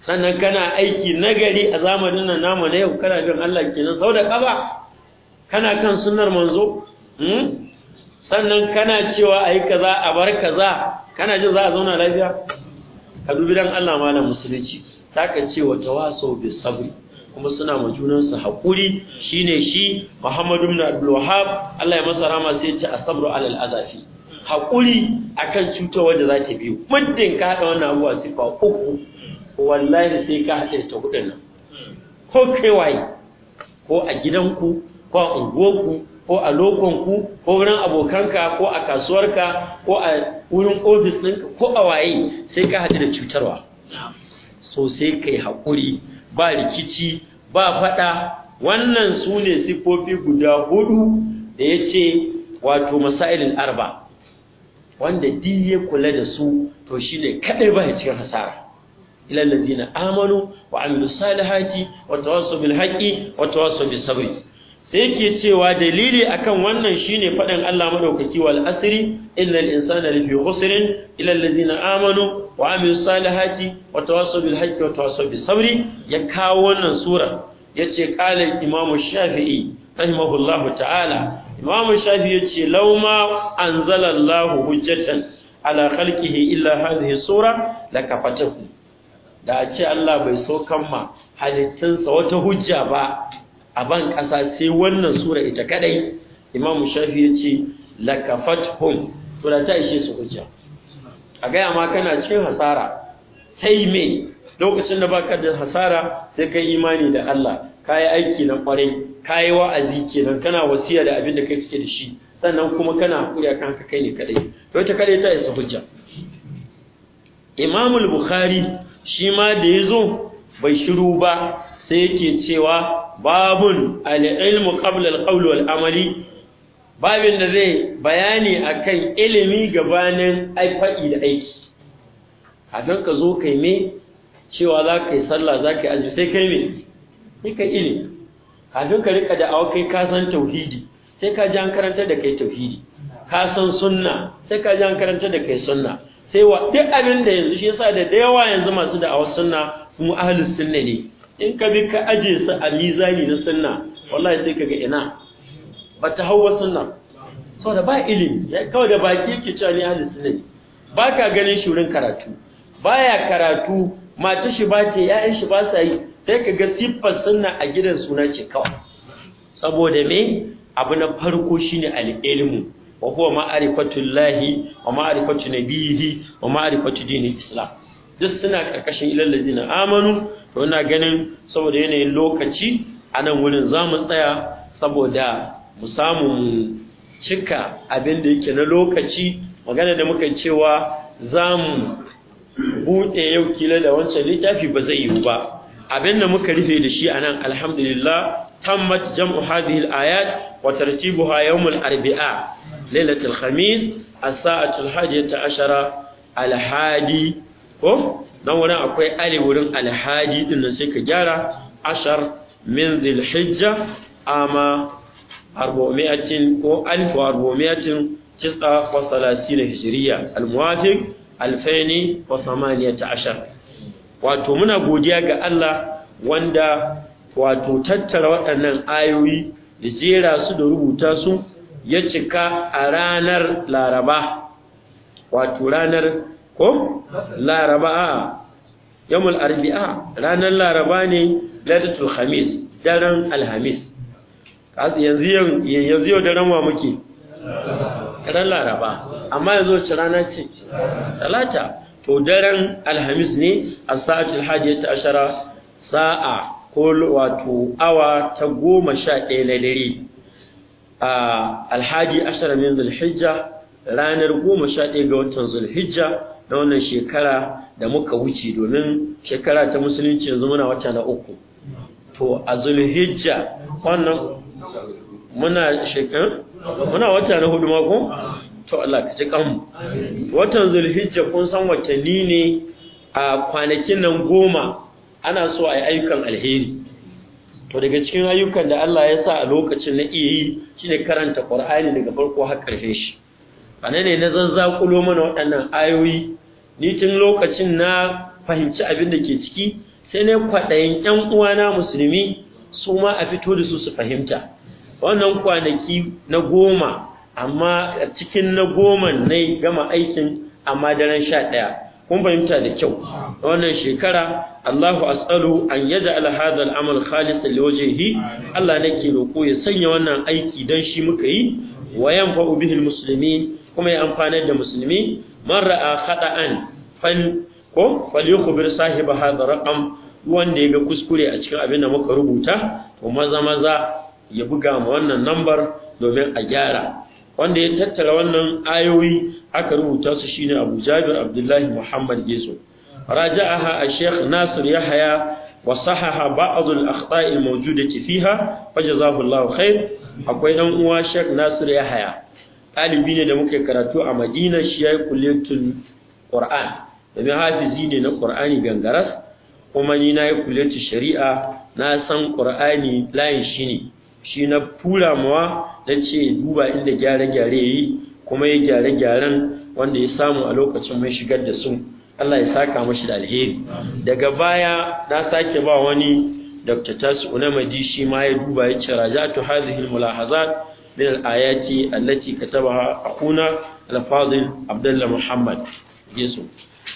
S1: sannan kana aiki nagari a zamanin nan namu na yau kana bin Allah kenan sau da kaba kana kan sunnar manzo hmm? sannan kana cewa ayi kaza a bar kaza kana jin za a zauna lafiya ka dubi dan Allah malam musulunci saka cewa wa tawaso bi sabri kuma suna ma junansu hakuri shine shi Muhammadu ibn Abdul Wahhab Allah ya masa rahama sai ya ce asabru alal azafi hakuri akan cutar da za biyo muddin ka haɗa wannan abuwa sifa uku wallahi sai ka haɗe ta hudun nan ko kai ko a gidanku ko a unguwarku ko a lokonku ko wurin abokanka ko a kasuwarka ko a wurin ofis ɗinka ko a waye sai ka haɗu da cutarwa so sai kai haƙuri ba rikici ba faɗa wannan su ne siffofi guda hudu da ya ce wato masailin arba wanda di ya kula da su to shi ne kaɗai ba ya cikin hasara ila allazina amanu wa amilu wa tawassaw bil wa sai yake cewa dalili akan wannan shine fadan Allah madaukaki wal asri innal insana lafi khusrin ila allazina amanu wa amilu salihati wa tawassaw bil haqqi wa tawassaw bis sabr ya kawo wannan sura yace qala Imam shafi'i rahimahullahu ta'ala Imam shafi'i yace lauma anzalallahu hujjatan ala khalqihi illa hadhihi sura lakafatahu da a ce Allah bai so ma halittinsa wata hujja ba a ban ƙasa sai wannan sura ita kadai imam shafi ya ce lakafathum to tura ta ishe su hujja a gaya ma kana cikin hasara sai me lokacin da baka da hasara sai kai imani da Allah kayi aiki na kwarai kayi wa'azi kenan kana wasiya da abin da kai kike da shi sannan kuma kana hakuri akan haka kai ne kadai to ita kadai ta isa hujja Imamul bukhari shi ma da ya zo bai shiru ba sai yake cewa babun al'ilmu qabla al al’amari babin da zai bayani akan ilimi gabanin aifaɗi da aiki kafin ka zo kai me cewa za ka yi sallah za ka yi azumi sai kai me sai ka ilimi kafin ka rika da awa kai ka san tauhidi sai ka ji an karanta da kai tauhidi ka san sunna sai ka ji an karanta da kai sunna sai wa duk abin da yanzu shi yasa da yawa yanzu masu da awa sunna kuma ahlus sunna ne in ka bi ka aje su a mizani na sunna wallahi sai kaga ina ba ta hawa sunna saboda ba ilimi ya kawai da baki yake cewa ni ahlus sunna ne ba ka ganin shurin karatu baya karatu mata shi ba ce ya'yan shi ba sa yi sai ka ga siffar sunna a gidan suna ce kawai saboda me abu na farko shine al-ilmu wa huwa ma'rifatu llahi wa ma'rifatu nabihi wa islam duk suna karkashin ilal na amanu to ina ganin saboda yanayin lokaci a nan wurin za mu tsaya saboda mu samu cika abin da yake na lokaci magana da muka cewa za mu buɗe yau kila da wancan littafi ba zai yiwu ba abin da muka rufe da shi a nan alhamdulillah tammat jam'u hadhihi al-ayat wa tartibuha yawm al-arba'a lailatul khamis a saatul hadiyata ashara al-hadi ko dan wurin akwai ali wurin al-hadi din sai ka gyara ashar min dhil-hijja ama 400 ko 1400 tis'a wa 30 hijriya al-muwafiq 2018 wato muna godiya ga Allah wanda wato tattara waɗannan ayoyi da jera su da rubuta su ya cika a ranar laraba wato ranar ko laraba a yamul arbi'a ranar laraba ne lailatul khamis daren alhamis kasu yanzu yanzu yau daren wa muke daren laraba amma yanzu ci rana ce talata to daren alhamis ne a sa'atul hajjiyar ashara sa'a ko wato awa ta goma sha ɗaya na dare a alhaji ashara min zulhijja ranar goma sha ɗaya ga watan zulhijja na wannan shekara da muka wuce domin shekara ta musulunci yanzu muna wata na uku to a zulhijja wannan muna shekar eh? muna wata na hudu mako to Allah ka ji kanmu watan zulhijja kun san watanni ne a kwanakin nan goma ana so a yi ayyukan alheri to daga cikin ayyukan da Allah ya sa a lokacin na iya yi shine karanta Qur'ani daga farko har ƙarshe shi ana ne na zazzakulo mana waɗannan ayoyi ni tun lokacin na fahimci abin da ke ciki sai na kwaɗayin yan uwana musulmi su ma a fito da su su fahimta wannan kwanaki na goma amma cikin na goma na gama aikin amma daren sha ɗaya kun fahimta da kyau wannan shekara Allahu as'alu an yaja hadha al-amal khalisan liwajhihi Allah nake roko ya sanya wannan aiki dan shi muka yi Wayan yanfa'u bihi al kuma ya amfanar da musulmi man ra'a khata'an fan ko falyukhbir sahiba hadha raqam wanda ya ga kuskure a cikin abin da muka rubuta to maza maza ya buga ma wannan number domin a gyara wanda ya tattara wannan ayoyi aka rubuta su shine Abu Jabir Abdullahi Muhammad Gezo raja'aha al-Sheikh Nasir Yahya wa sahaha ba'd al-akhta' al-mawjudati fiha fajazahu Allahu khair akwai dan uwa Sheikh Nasir Yahya ɗalibi ne da muke karatu a Madina shi yayi kulliyatul Qur'an domin hafizi ne na Qur'ani gangaras kuma ni nayi kulliyatul shari'a na san Qur'ani layin shi ne shi na tura mawa don ce duba inda gyare-gyare ya yi kuma ya gyare-gyaren wanda ya samu a lokacin mai shigar da su Allah ya saka mashi da alheri daga baya na sake ba wani dr tasu unamadi shi ma ya duba ya ce rajatu hazihil hazard min al allaci ka taba a kuna alfazin abdullah muhammad yesu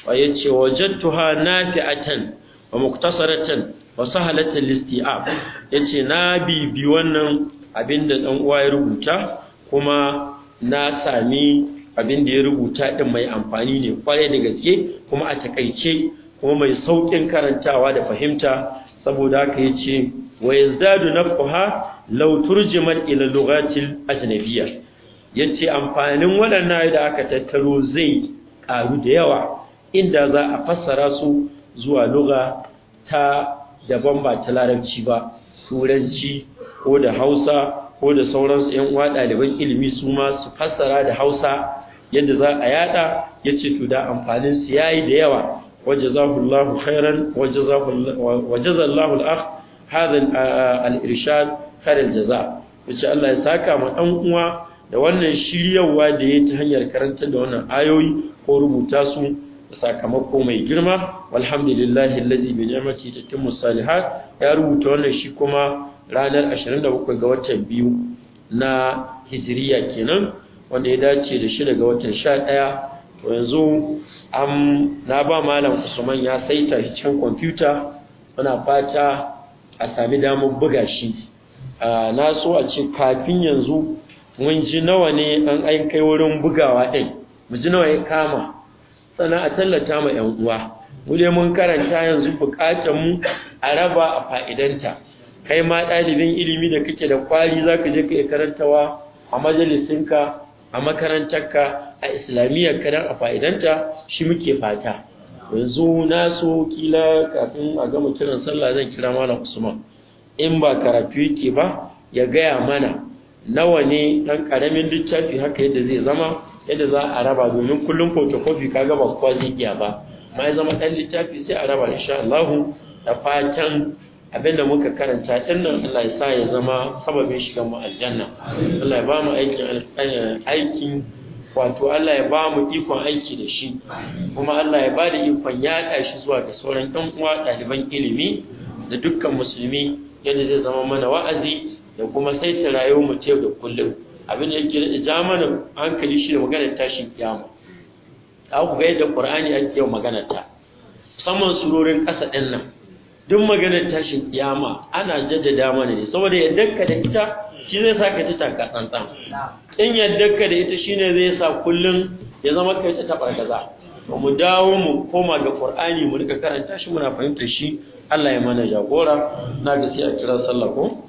S1: wa fi a can wa muktasaratan wasu Listi a ya ce na bibi wannan abin da ɗan uwa ya rubuta kuma na sami abin da ya rubuta ɗin mai amfani ne kwarai da gaske kuma a takaice kuma mai sauƙin karantawa da fahimta saboda haka ya ce wa yazdadu nafquha law turjimat ila lughatil Ya ce amfanin waɗannan da aka tattaro zai ƙaru da yawa inda za a fassara su zuwa luga ta daban ba ta larabci ba turanci ko da hausa ko da sauransu yan uwa ɗaliban ilimi su ma su fassara da hausa yadda za a yada ya ce to da amfanin su yayi da yawa wajazahullahu khairan wajazallahu al-akh hadha al-irshad khair al-jaza wace Allah ya saka ma dan uwa da wannan shiryawa da yayi ta hanyar karanta da wannan ayoyi ko rubuta su sakamako mai girma walhamdulillahi allazi bi ni'mati tatimmu salihat ya rubuta wannan shi kuma ranar 27 ga watan biyu na hijiriya kenan wanda ya dace da shi daga watan 11 to yanzu am na ba malam Usman ya saita shi cikin kwamfuta muna fata a sami damar buga shi na so a ce kafin yanzu mun ji nawa ne an kai wurin bugawa ɗin mu ji nawa ya kama sannan a tallata ma ‘yan uwa mu dai mun karanta yanzu mu a raba a fa'idanta kai ma ɗalibin ilimi da kake da kwari za ka je ka karantawa a majalisinka a makarantarka a islamiyya kadan a fa'idanta shi muke fata yanzu na so kila kafin a gama kiran sallah zan kira malam usman in ba karatu yake ba ya gaya mana nawa ne ɗan ƙaramin littafi haka yadda zai zama yadda za a raba domin kullum photocopy kaga ba kowa zai iya ba ma ya zama ɗan littafi sai a raba insha Allah da fatan abin da muka karanta din nan Allah ya sa ya zama sababin shiga mu aljanna Allah ya ba mu aikin eh, aikin wato Allah ya ba mu ikon aiki da shi kuma Allah ya ba da ikon yaɗa shi zuwa ga sauran ɗan uwa ɗaliban ilimi da dukkan musulmi yadda zai zama mana wa'azi da kuma saita rayuwar mu ta yau da kullum abin da yake da zamanin hankali shi da maganar tashin kiyama a ku ga yadda qur'ani ake yau maganar ta musamman surorin ƙasa ɗin nan duk maganar tashin kiyama ana jaddada mana ne saboda yadda ka da ita shi zai sa ka ci taka tsantsan in yadda ka da ita shine zai sa kullum ya zama kai ta tabarkaza ba mu dawo mu koma ga qur'ani mu rika karanta shi muna fahimtar shi Allah ya mana jagora na gaskiya a kira sallah ko